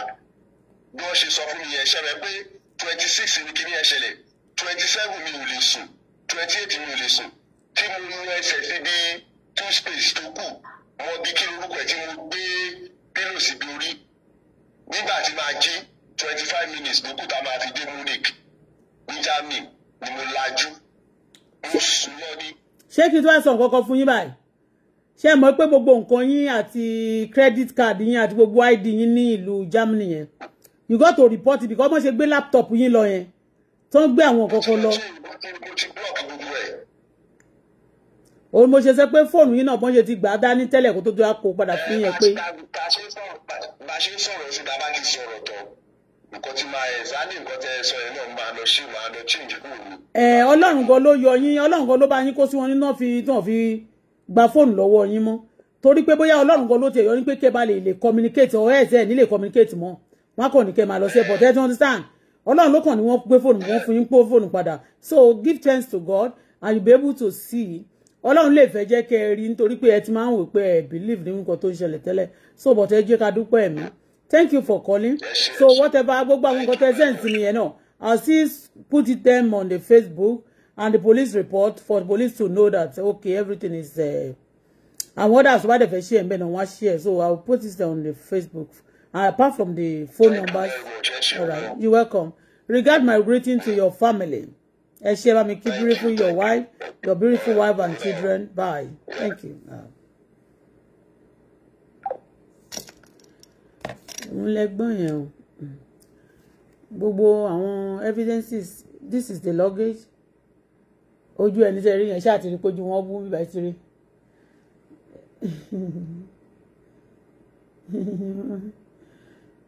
bí wọ́n ṣe sọ fún mi yẹn ṣẹlẹ̀ pé twenty six ni kí ni ẹ ṣẹlẹ̀ twenty seven mi ò lè sùn twenty eight mi ò lè sùn tí mo mú ẹsẹ̀ síbi two space tó kù mo bí kí lorúkọ ẹ̀ tí mo gbé pílò síbi orí nígbà tí máa jí twenty five minutes ló kù tá a máa fi dé Munich ní Germany ni mo lajú mo sùn lọ ní. ṣé kí n tó wá sọ nǹkan kan fún yín báyìí ṣé ẹ mọ̀ pé gbogbo nǹkan yín àti credit card yín àti gbogbo id yín ní ìlú Germany yẹn you got to report it because wọ́n ṣe gbé laptop yín lọ yẹn tó ń gbé àwọn kọ̀ọ̀kan lọ. òun mo ṣe sọ pé fóònù yìí náà bọ́n ṣe ti gbà á dání tẹ́lẹ̀ kó tó tó kó padà fún yẹn pé. bá a ṣe ń sọ̀rọ̀ sí dábàá ti sọ̀rọ̀ tọ̀ nǹkan tí máa ẹ̀ sáni nǹkan tẹ́ ẹ sọ yẹn náà máa lọ sí máa lọ chíǹjì kúrò ní. ẹ ọlọ́run gan ló yọ yín ọlọ́run gan ló bá yín kó sí wọn nínú fi tàn fi gba fóònù lọ́wọ́ yín mọ́ torí pé bóyá ọlọ́run gan ló ti yọ ní pé kẹ́ bá lè lè communicate ọ̀ ẹ̀ tẹ́ ẹ̀ communicate mọ́ wọn kò ní kẹ́ máa lọ sí ẹ̀ but ẹ̀ ti sàn ọlọ́run ló kàn ní wọ́n gbé fóònù wọ́n fún yín pé fóònù padà so give thanks to God and you be able to see ọlọ́run lè fẹ́ jẹ́ kẹ́ ẹ rí nítorí pé ẹ ti máa ń wò pé ẹ believe ní nǹkan tó ń ṣẹlẹ̀ tẹ́lẹ̀ so but ẹ jẹ́ ká dúpẹ́ ẹ̀mí thank you for calling so whatever gbogbo àwọn nǹkan tẹ́ send sí mi yẹn náà I still put it them on the Facebook and the police report for the police to know that okay everything is uh, and others wá dẹ̀ fẹ́ share ẹ̀ mbẹ́ náà wọ́n á share so I will put it on the Facebook uh, apart from the phone number, all right you're welcome regard my greeting to your family ẹ ṣe bá mi kí beautiful your wife your beautiful wife and children bye thank you. Uh. òun lẹ́gbọ́n yẹn o gbogbo àwọn evidences this is the luggage ojú ẹni tẹ rí yẹn ṣáà ti rí pójú wọn bú bíbá ti rí.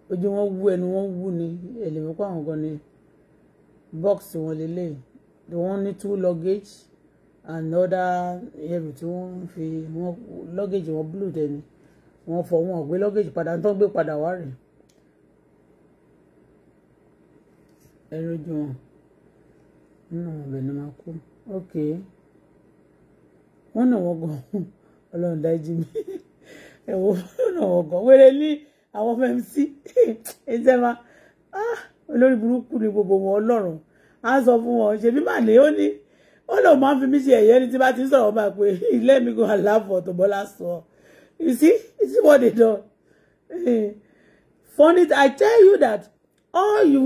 ojú wọn wú ẹnu wọn wú ni èlèmí kó àwọn gan ni box wọn lélẹyìí wọn ní two luggage and other ẹrù tí wọn fi wọn luggage wọn blue dẹni wọn fọ wọn gbé luggage padà tó ń gbé padà wá rè ẹrù ojú wọn nínú ọbẹ ni máa kú ok wọn náà wọn gan Ọlọ́run dájú mi ẹwọ wọn náà wọn gan wẹrẹ ní àwọn ọmọ mc ẹ̀jẹ̀mà ah, olórí burúkú ni gbogbo wọn ọlọ́run á sọ fún wọn ṣèbí màlẹ ó ní ó lóun máa ń fi mí ṣe ẹ̀yẹ ni tí bá ti ń sọ̀rọ̀ máa pé let me go and laugh for Tobola sọ you see you see what they done eh, funny i tell you that all you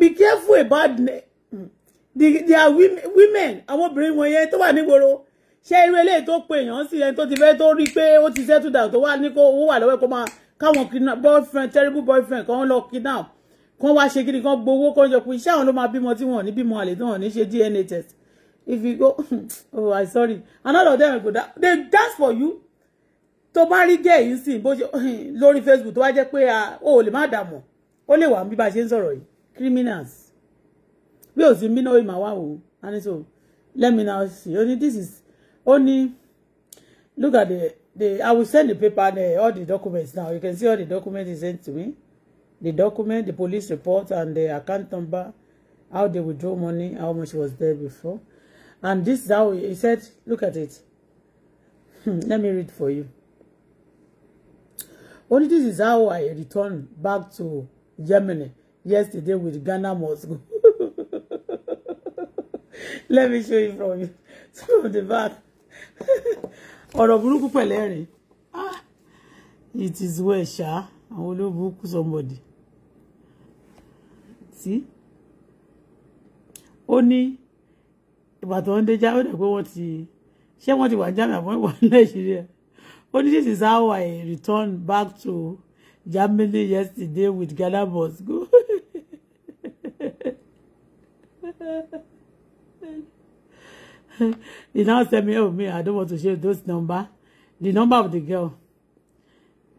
be careful about hmm, the their women women àwọn obìnrin wọn yẹn tó wà nígboro ṣé irú eléyìí tó pe èèyàn sí ẹni tó ti fẹ́ tó rí pé ó ti settle down tó wà ní kó owó wà lọ́wọ́ kó máa káwọn kidnap boyfriend terrible boyfriend kan lọ kidnap kan wá ṣe gidi kan gbowó kan jọ pé iṣẹ́ àwọn ló máa bímọ tí wọ́n ní bímọ àlè tí wọ́n ní ṣe DNA test if you go oh i sorry another of them go da they dance for you tó bá rí gẹ̀ yìí sìn bó ṣe lórí Facebook tó wá jẹ́ pé o ò lè má dààmú ó lè wà bí bá a ṣe ń sọ̀rọ̀ yìí criminals bí ò sí mínà ìmọ̀ wá wò ó and so let me now see ó ní this is ó ní look at the the I will send the paper and uh, all the documents now. You can see all the documents sent to me. The document, the police report, and the account number, how they withdraw money, how much was there before. And this is how he said, look at it. Hmm, let me read for you. Only this is how I returned back to Germany yesterday with Ghana Moscow. Let me show you from you. Some of the back. ọ̀rọ̀ burúkú pẹ̀lẹ́ rẹ̀ ah it is well ṣá àwọn olóburúkú somebody sí ó ní ìgbà tó ń dé já ó dẹ̀ pé wọ́n ti ṣé wọ́n ti wà jáde àbọ̀ ìwà nàìjíríà ó ní this is how I return back to Germany yesterday with Ghana bus go he now send me, oh, me, I don't want to share those number. The number of the girl.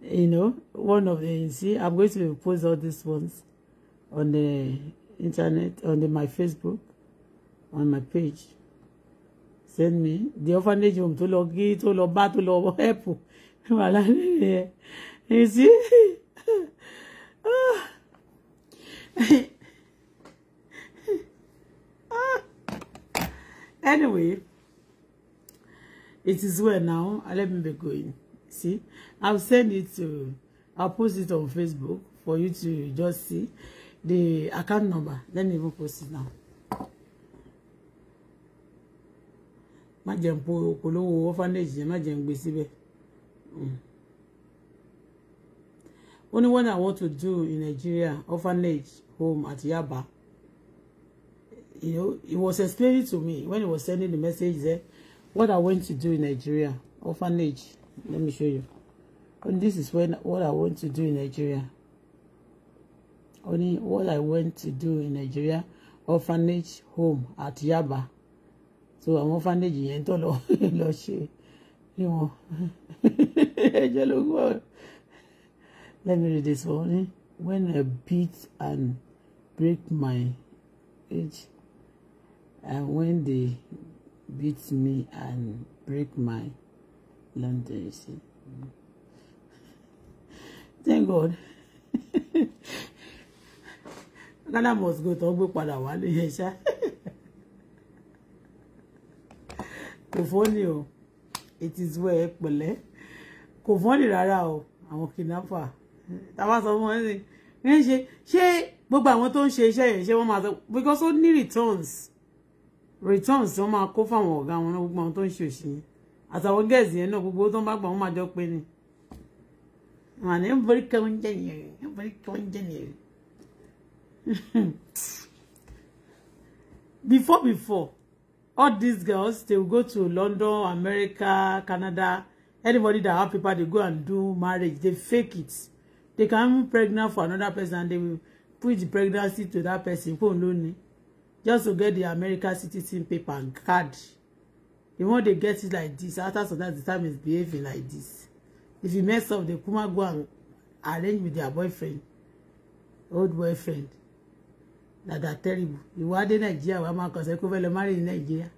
You know, one of the, you see, I'm going to post all these ones on the internet, on the, my Facebook, on my page. Send me. The orphanage home to log it, to log back, to log help. You see? Ah. Anyway, it is well now. Let me be going. See, I'll send it to, I'll post it on Facebook for you to just see the account number. Let me even post it now. Má jẹ́ n polówó orphanage yẹn, má jẹ́ n gbé mm. Only one I want to do in Nigeria, orphanage home at Yaba you know, he was explaining to me when he was sending the message there what I want to do in Nigeria, orphanage. Let me show you. And this is when what I want to do in Nigeria. Only what I want to do in Nigeria, orphanage home at Yaba. So I'm orphanage yẹn tó lọ lọ Let me read this one. When I beat and break my age and when they beat me and break my laundry. Thank God. Ghana must go tó gbé padà wá ní yẹn ṣá. Kò fọ́nì o, it is well pẹ̀lẹ́. Kò fọ́nì rárá o, àwọn kidnapper. Táwa sọ fún wọn She, she, ṣé gbogbo she, she, she, she, iṣẹ́ yẹn ṣé wọ́n máa sọ because ó ní returns returns wọn máa kó fáwọn ọ̀gá wọn náà gbogbo àwọn tó ń ṣe òṣì yẹn àtàwọn gẹ̀ẹ́sì yẹn náà gbogbo tó ń bá gbà wọn máa jọ pé ni wọn ní nbori kẹ oúnjẹ nìyẹn nbori kẹ oúnjẹ nìyẹn before before all these girls they go to London America Canada anybody that have paper they go and do marriage they fake it they can be pregnant for another person and they will put the pregnancy to that person fóun lónìí just to get the American citizen paper and card. The one they get it like this, after so that the time is behaving like this. If you mess up, the Puma go and arrange with their boyfriend, old boyfriend. That are terrible. You are the Nigeria, where my cousin could marry in Nigeria.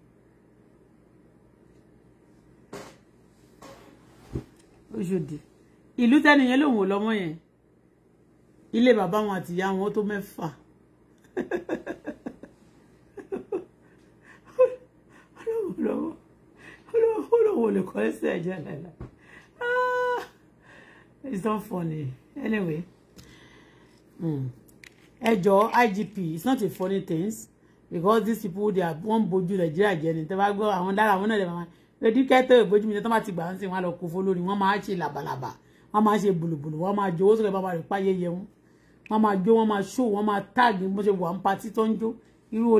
Ojude. Ilu tani yelo lòun ò lọ́mọ yẹn. Ilé bàbá wọn àti ìyá wọn tó mẹ́fà. lówó olówó olówó lè kọ́ ẹsẹ̀ ẹ̀jẹ̀ ah, it's not funny anyway hmm. ẹ jọ̀ọ́ IGP it's not a funny thing because these people they are one boju Nàìjíríà jẹ́ ni tẹ́ bá gbọ́ àwọn dára They náà lè máa redikẹ́tọ̀ ìbójú mi tẹ́ wọ́n ti gbà ń sìn wọ́n á lọ kó fó lórí wọ́n máa ṣe làbàlàbà wọ́n máa ṣe bùlùbùlù wọ́n máa jowó sọ̀rọ̀ bàbá rẹ̀ páyé yẹ wọn wọ́n máa jó wọ́n máa ṣó wọ́n máa táàgì bó ṣe wà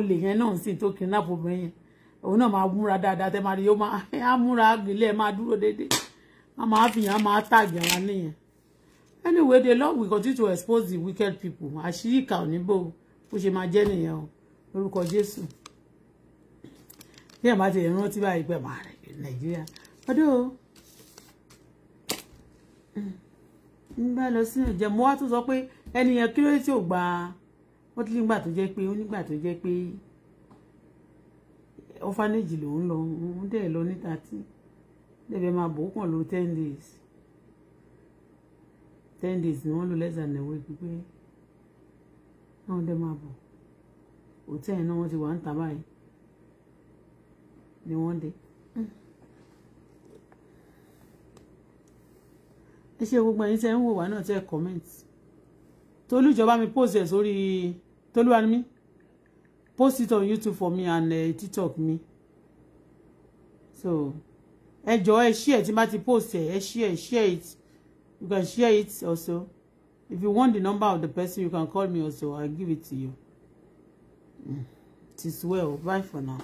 òun náà máa múra dáadáa tẹ máa rí ó máa á múra ilé ẹ máa dúró déédéé a máa fi hàn á máa tàgì àwọn nìyẹn anyway the Lord we continue to expose the wicked people àṣírí ìkà ò ní bò ó ṣe máa jẹ́ nìyẹn o lórúkọ Jésù bí ẹ̀ bá ti rántí báyìí pẹ̀ máa rẹ̀ Nàìjíríà ọdún o ń bá lọ sí ìjẹ́ mo wá tún sọ pé ẹnìyẹn kí ló tí ò gba wọ́n ti nígbà tó jẹ́ pé ó nígbà tó jẹ́ pé orphanage lòun lọ òun dẹ̀ lọ ní thirty dẹ̀bẹ̀ máa bò ó kàn ló ten days ten days ni wọ́n lò less than a week pé náà dẹ̀ máa bò hòtẹ́ẹ̀lì náà wọ́n ti wà ń ta báyìí ni wọ́n dé. ẹ ṣe gbogbo ẹ̀yin tẹ́ ń wò wá náà tẹ́ comment tolú ìjọba mi post sórí tolúwa ni mí post it on YouTube for me and uh, TikTok me so enjoy, share tí might post it, share share it you can share it also if you want the number of the person you can call me also I'll give it to you mm. it is well bye for now.